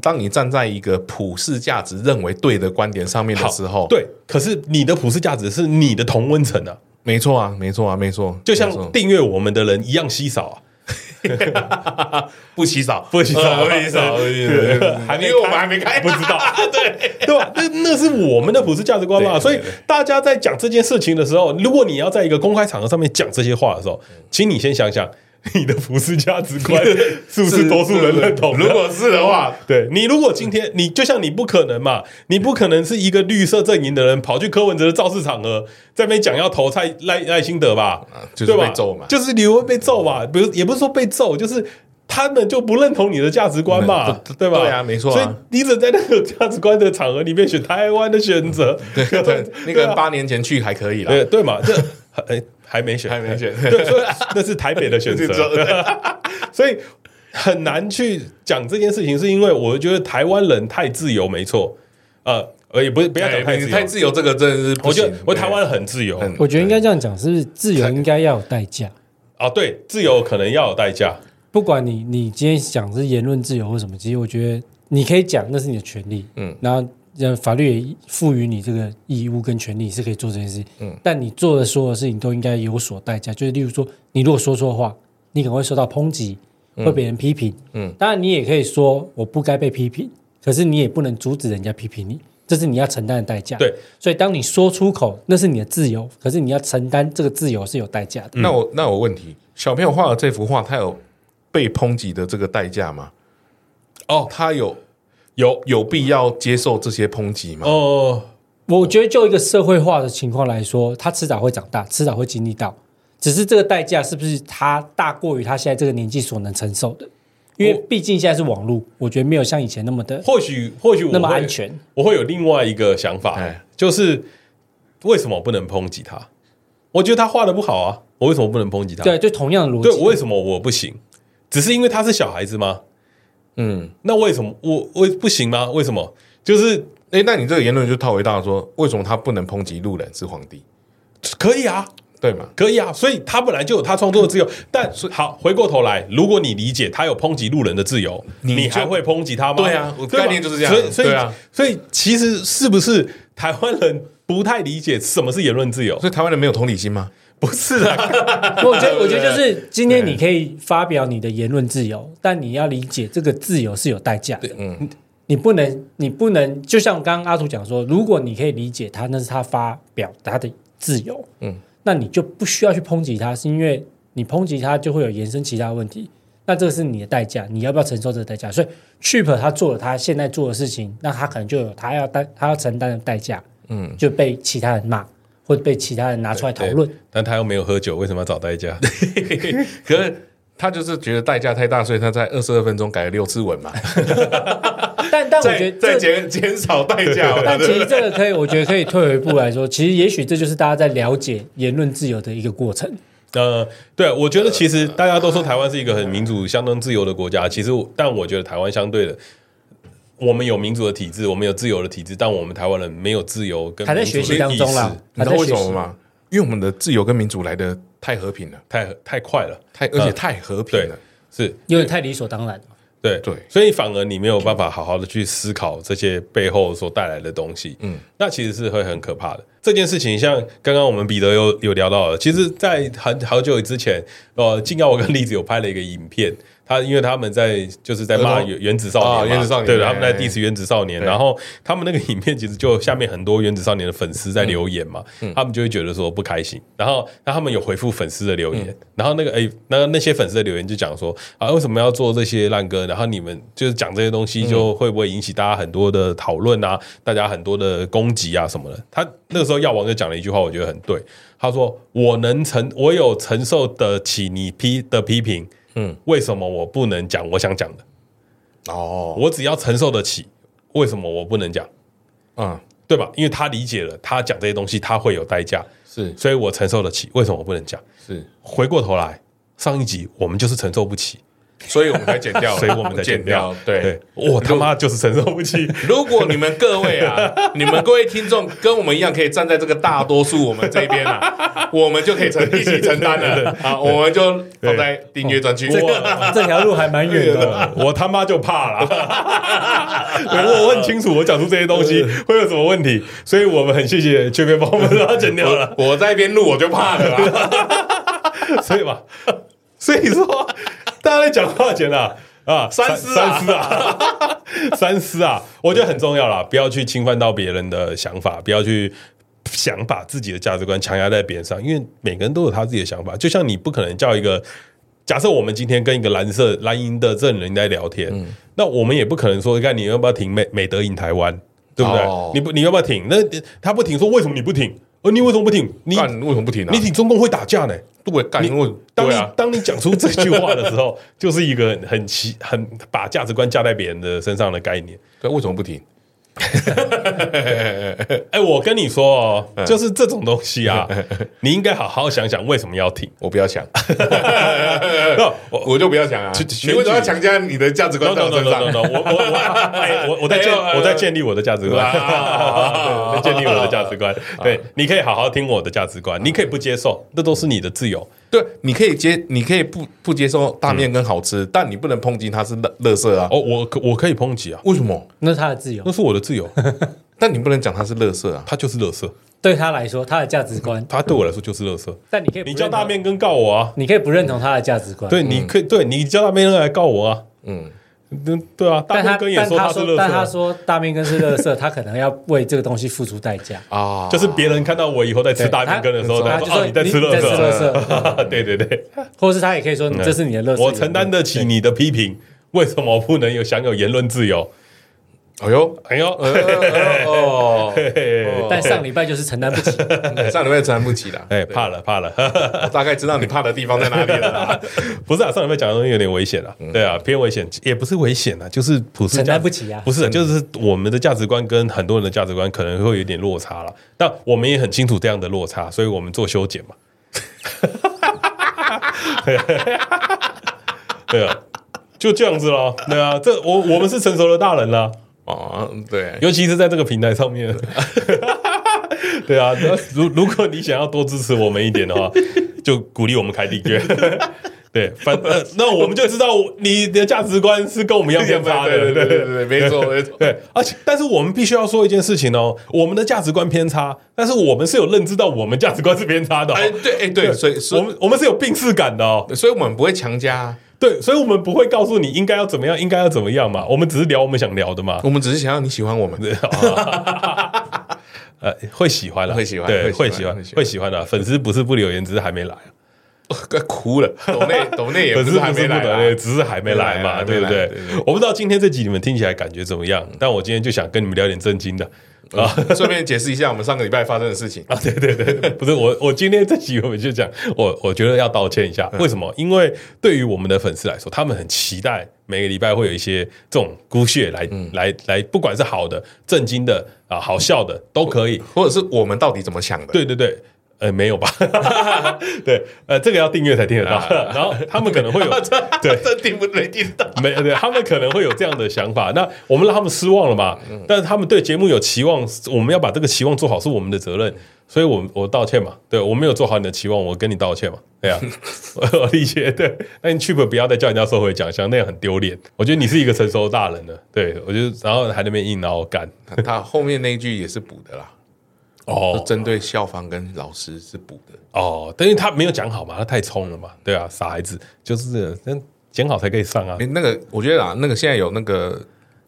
當你站在一個普世價值認為對的觀點上面的時候，對，可是你的普世價值是你的同溫層的、啊，沒錯啊，沒錯啊，沒錯，就像訂閱我們的人一樣稀少啊， 不稀洗少澡、 嗯，不稀少、嗯，不稀少，還沒，我們還沒開， 不知道，對對吧？ 那那是我們的普世價值觀嘛？所以大家在講這件事情的時候，如果你要在一個公開場合上面講這些話的時候，請你先想想。你的服飾價值觀 是，是不是多數人認同？如果是的話，對，你如果今天、嗯、你就像你不可能嘛，你不可能是一個綠色陣營的人跑去柯文哲的造勢場合，在那邊講要投蔡賴賴辛德吧，啊就是、對吧？就是你會被揍嘛比如？也不是說被揍，就是他們就不認同你的價值觀嘛、嗯對對，對吧？對啊，沒錯、啊。所以你只在那個價值觀的場合裡面選台灣的選擇、嗯？對，對啊、那個八年前去還可以了，對嘛？這 還沒選，還沒選， 對，所以那是台北的選擇。 對 所以很難去講這件事情，是因為我覺得台灣人太自由，沒錯，呃，也不不要講太自由，欸、太自由這個真是，我覺得我台灣人很自由。我覺得應該這樣講，是不是自由應該要有代價、嗯。啊，對，自由可能要有代價。不管你你今天講的是言論自由或什麼，其實我覺得你可以講，那是你的權利。嗯，然後。呃，法律賦予你這個義務跟權利是可以做這件事，嗯，但你做的所有事情都應該有所代價。就是例如說，你如果說錯話，你可能會受到抨擊，會被人批評，嗯，嗯，當然你也可以說我不該被批評，可是你也不能阻止人家批評你，這是你要承擔的代價。對，所以當你說出口，那是你的自由，可是你要承擔這個自由是有代價的。嗯，那我那我問題，小朋友畫的這幅畫，他有被抨擊的這個代價嗎？哦，他有。有有必要接受這些抨擊嗎？哦、嗯呃，我覺得就一個社會化的情況來說，他遲早會長大，遲早會經歷到，只是這個代價是不是他大過於他現在這個年紀所能承受的？因為畢竟現在是網絡，我覺得沒有像以前那麼的，或許或許那麼安全。我會有另外一個想法，就是為什麼我不能抨擊他？我覺得他畫的不好啊，我為什麼不能抨擊他？對，就同樣的邏輯，對，我為什麼我不行？只是因為他是小孩子嗎？嗯，那為什麼我為不行嗎？為什麼？就是哎、欸，那你這個言論就套回到說，為什麼他不能抨擊路人是皇帝？可以啊，對嗎？可以啊，所以他本來就有他創作的自由。嗯、但、哦、好，回過頭來，如果你理解他有抨擊路人的自由，你還你會抨擊他嗎？對啊，我概念就是這樣對。所以，所以啊，所以其實是不是台灣人不太理解什麼是言論自由？所以台灣人沒有同理心嗎？不是啊， 我覺得，我覺得就是今天你可以發表你的言論自由，但你要理解這個自由是有代價的。嗯你，你不能，你不能，就像剛剛阿圖講說，如果你可以理解他，那是他發表他的自由，嗯，那你就不需要去抨擊他，是因為你抨擊他就會有延伸其他問題，那這個是你的代價，你要不要承受這個代價？所以，cheap 他做了他現在做的事情，那他可能就有他要擔他要承擔的代價，嗯，就被其他人罵。會被其他人拿出來討論，但他又沒有喝酒，為什麼要找代駕？ 可是他就是覺得代價太大，所以他在二十二分鐘改了六次文嘛。 但但我覺得在減減少代價， 但其實這個可以， 我覺得可以退回一步來說， 其實也許這就是大家在了解言論自由的一個過程。呃，對，我覺得其實大家都說台灣是一個很民主、相當自由的國家，其實我但我覺得台灣相對的。我們有民主的體制，我們有自由的體制，但我們台灣人沒有自由跟民主的意思。在學習當中你知道為什麼？因為我們的自由跟民主來得太和平了，太太快了，太而且太和平了，嗯、對，是有點太理所當然。對對，所以反而你沒有辦法好好的去思考這些背後所帶來的東西。嗯，那其實是會很可怕的。這件事情像剛剛我們彼得有有聊到的，其實，在很好久之前，呃，靜要我跟栗子有拍了一個影片。他因為他們在就是在罵原子少年原，子少年原子少年，對他們在 diss 原子少年。然後他們那個影片其實就下面很多原子少年的粉絲在留言嘛、嗯，他們就會覺得說不開心。嗯、然後，那他們有回復粉絲的留言、嗯，然後那個哎、欸，那那些粉絲的留言就講說、嗯、啊，為什麼要做這些爛歌？然後你們就是講這些東西，就會不會引起大家很多的討論啊、嗯，大家很多的攻擊啊什麼的？他那個時候藥王就講了一句話，我覺得很對，他說我能承，我有承受得起你批的批評。嗯，為什麼我不能講我想講的？哦，我只要承受得起，為什麼我不能講？啊、嗯，對吧？因為他理解了，他講這些東西他會有代價，是，所以我承受得起，為什麼我不能講？是，回過頭來，上一集我們就是承受不起。所以我們才剪掉，所以我們剪掉。對，對，我他媽就是承受不起。如果你們各位啊， 你們各位聽眾跟我們一樣，可以站在這個大多數我們這邊啊， 我們就可以一起承擔了。好，我們就放在訂閱專區。哇，這條路還蠻遠的。我他媽就怕了。我問清楚，我講出這些東西對對對對對會有什麼問題？所以我們很謝謝圈邊幫我們把它剪掉了。我在邊錄我就怕了，所以嘛， 所以說。大家在講話前呢，啊，三思、啊，三思啊， 三思啊，我覺得很重要啦，不要去侵犯到別人的想法，不要去想把自己的價值觀強壓在別人上，因為每個人都有他自己的想法。就像你不可能叫一個，假設我們今天跟一個藍色藍營的證人在聊天，嗯，那我們也不可能說，你看你要不要挺美美德贏台灣，對不對？哦，你不你要不要挺？那他不挺說，說為什麼你不挺？而你為什麼不聽？你為什麼不聽、啊？你聽中共會打架呢？不，幹！因為當你對、啊、當你講出這句話的時候， 就是一個很，很奇、很把價值觀架在別人的身上的概念。那為什麼不聽？哈哈哈！哎，我跟你說哦、喔哎，就是這種東西啊，哎、你應該好好想想為什麼要聽。我不要講、哎哎哎哎哎，我我就不要想啊。全部都要強加你的價值觀我我我我我我，我在建、哎、我在建立我的價值觀，哎、啊好啊好啊 建立我的價值觀。啊、對、啊，你可以好好聽我的價值觀、啊你，你可以不接受、啊，那都是你的自由。對，你可以接，你可以不不接受大麵羹好吃，嗯，但你不能抨擊他是垃垃圾啊。哦，我可我可以抨擊啊？為什麼，嗯？那是他的自由，那是我的自由。 但你不能講他是垃圾啊，他就是垃圾。對他來說，他的價值觀，嗯；他對我來說就是垃圾，嗯。但你可以不，你叫大麵羹告我啊，嗯！你可以不認同他的價值觀，嗯。對，你可以，對你叫大麵羹來告我啊！嗯。嗯對、嗯、對啊，但他大麵羹也說他是，啊但他說，但他說大麵羹是樂色， 他可能要為這個東西付出代價啊。就是別人看到我以後在吃大麵羹的時候，他他說，他就說，哦，你，你在吃樂色，啊啊，對對對，或是他也可以說你這是你的樂色、嗯，我承擔得起你的批評，為什麼我不能有享有言論自由？哎呦，哎呦，哦、哎喔，但上禮拜就是承擔不起，嗯、上禮拜承擔不起了，哎，怕了，怕了，我大概知道你怕的地方在哪裡了。不是啊，上禮拜講的東西有點危險了，對啊，偏危險，也不是危險啊，就是普世承擔不起啊，不是，就是我們的價值觀跟很多人的價值觀可能會有點落差了，但我們也很清楚這樣的落差，所以我們做修剪嘛。對啊，對啊，就這樣子咯。對啊，這我我們是成熟的大人了。哦、oh，對、啊，尤其是在這個平台上面， 對啊，如如果你想要多支持我們一點的話，就鼓勵我們開訂閱， 對，反正 那我們就知道你的價值觀是跟我們一樣偏差的，對對對，對，對沒錯沒錯，對，而且但是我們必須要說一件事情哦，我們的價值觀偏差，但是我們是有認知到我們價值觀是偏差的、哦，哎對哎對，對，對所，所以，我們我們是有病識感的、哦，所以我們不會強加。對，所以，我們不會告訴你應該要怎麼樣，應該要怎麼樣嘛？我們只是聊我們想聊的嘛。我們只是想要你喜歡我們，的， 呃，會喜歡的，會喜歡，對，會喜歡，會喜歡的。粉絲不是不留言，只是還沒來。快哭了，抖內抖內也不是還沒來是不是不，只是還沒來嘛，來對不對,對,對,對？我不知道今天這集你們聽起來感覺怎麼樣，嗯、但我今天就想跟你們聊點正經的、嗯、啊，順便解釋一下我們上個禮拜發生的事情啊。對對對，不是我，我今天這集我們就講，我我覺得要道歉一下，為什麼？嗯、因為對於我們的粉絲來說，他們很期待每個禮拜會有一些這種姑息來、嗯、來來，不管是好的、正經的啊、好笑的都可以，或者是我們到底怎麼想的？對對對。哎、呃，沒有吧？ 對，呃，這個要訂閱才聽得到、啊。然後他們可能會有、啊、對、對，這、這聽不到？沒，對，他們可能會有這樣的想法。 那我們讓他們失望了嘛、嗯？但是他們對節目有期望，我們要把這個期望做好是我們的責任，嗯、所以我我道歉嘛。對，我沒有做好你的期望，我跟你道歉嘛。對呀、啊，我理解。對，那 Cheap 吧，不要再叫人家收回獎項，像那樣很丟臉。我覺得你是一個成熟的大人了。對，我覺得然後還在那邊硬凹幹，他後面那一句也是補的啦。 哦，是針對校方跟老師是補的哦，但是他沒有講好嘛，他太衝了嘛，對啊，傻孩子，就是那講好才可以上啊。欸、那個我覺得啊，那個現在有那個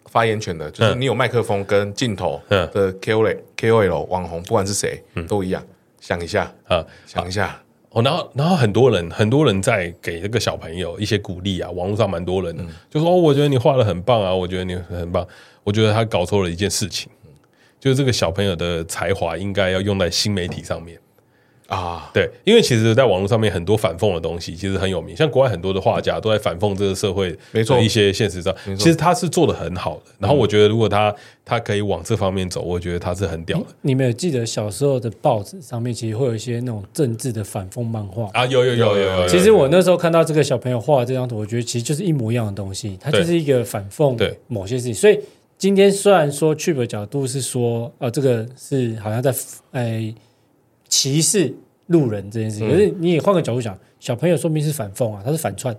發言權的，就是你有麥克風跟鏡頭的 K O L、嗯嗯、K O L 網紅，不管是誰、嗯，都一樣，想一下、嗯、啊，想一下哦，然後然後很多人很多人在給那個小朋友一些鼓勵啊，網絡上蠻多人、嗯、就說、哦，我覺得你畫得很棒啊，我覺得你很棒，我覺得他搞錯了一件事情。就是這個小朋友的才華應該要用在新媒體上面啊，對，因為其實，在網絡上面很多反諷的東西其實很有名，像國外很多的畫家都在反諷這個社會，沒錯，一些現實上其實他是做得很好的。然後我覺得，如果他他可以往這方面走，我覺得他是很屌的。wievay language, 嗯、你們有記得小時候的報紙上面，其實會有一些那種政治的反諷漫畫啊，有有有有。其實我那時候看到這個小朋友畫這張圖，我覺得其實就是一模一樣的東西，它就是一個反諷對某些事情，所以。今天雖然說 Cheap 的角度是說，啊、呃，這個是好像在，哎、呃，歧視路人這件事，嗯、可是你也換個角度想，小朋友說明不定是反諷啊，他是反串，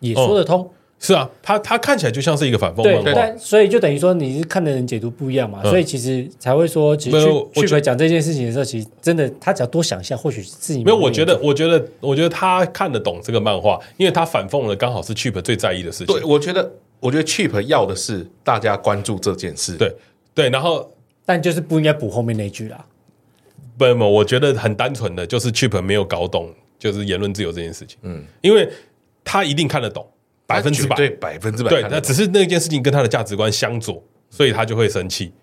也說得通。嗯、是啊，他他看起來就像是一個反諷漫畫。對但所以就等於說你是看的人解讀不一樣嘛，所以其實才會說，其實 Cheap 講這件事情的時候，其實真的他只要多想一下，或許是你。沒有。我覺得，我覺得，我覺得他看得懂這個漫畫，因為他反諷了，剛好是 Cheap 最在意的事情。對我覺得。我覺得 cheap 要的是大家關注這件事，對對，然後但就是不應該補後面那句啦。不不，我覺得很單純的就是 cheap 沒有搞懂就是言論自由這件事情，嗯，因為他一定看得懂百分之百，對百分之百，對，那只是那件事情跟他的價值觀相左，所以他就會生氣。嗯、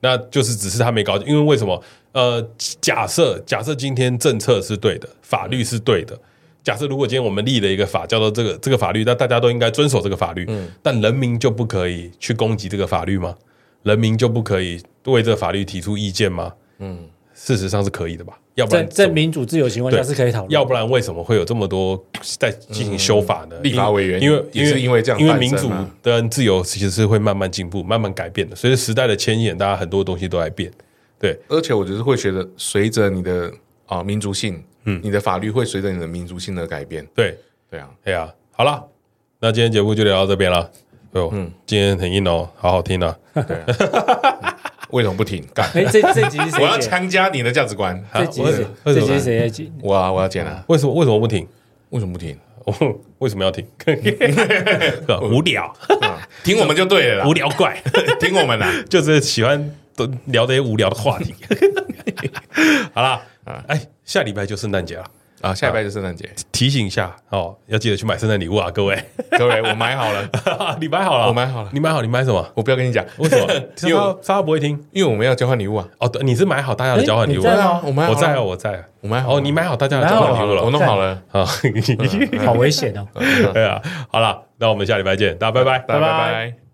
那就是只是他沒搞，因為為什麼？呃，假設假設今天政策是對的，法律是對的。嗯假設如果今天我們立了一個法，叫做這個這個法律，那大家都應該遵守這個法律，嗯。但人民就不可以去攻擊這個法律嗎？人民就不可以為這個法律提出意見嗎？嗯，事實上是可以的吧？要不然在在民主自由情況下是可以討論。要不然為什麼會有這麼多在進行修法呢，嗯？立法委員，因為因為也是因為這樣，啊，因為民主跟自由其實是會慢慢進步、慢慢改變的。隨着時代的遷延，大家很多東西都在變。對，而且我覺得會覺得隨着你的啊民族性。嗯，你的法律會隨着你的民族性的改變。對，對啊，對啊。好了，那今天節目就聊到這邊了。哦，嗯，今天很硬哦，好好聽的、啊 嗯。為什麼不聽？哎、欸，這這集我要強加你的價值觀。這集是要、啊、這集,是誰,要這集,是這集是誰？我啊，我要剪了、啊。為什麼為什麼不聽？為什麼不聽？我為, 為什麼要聽？ 無聊啊、嗯，聽我們就對了。無聊怪， 聽我們啊，就是喜歡聊這些無聊的話題。 好啦哎、下禮拜就聖誕節了啊！下禮拜就聖誕節，提醒一下哦，要記得去買聖誕禮物啊，各位各位，我買好了， 啊、你買好了，我買好了，你買好，你買什麼？我不要跟你講，為什麼 因為沙發不會聽，因為我們要交換禮物、啊、物啊！哦，你是買好大家的交換禮物在我我在啊、哦，我在，我買好、哦，你買好大家的交換禮物了，我弄好了，好， 好危險險哦！ 對啊，好了、哦 啊，那我們下禮拜見，大拜拜，大家拜拜，拜拜。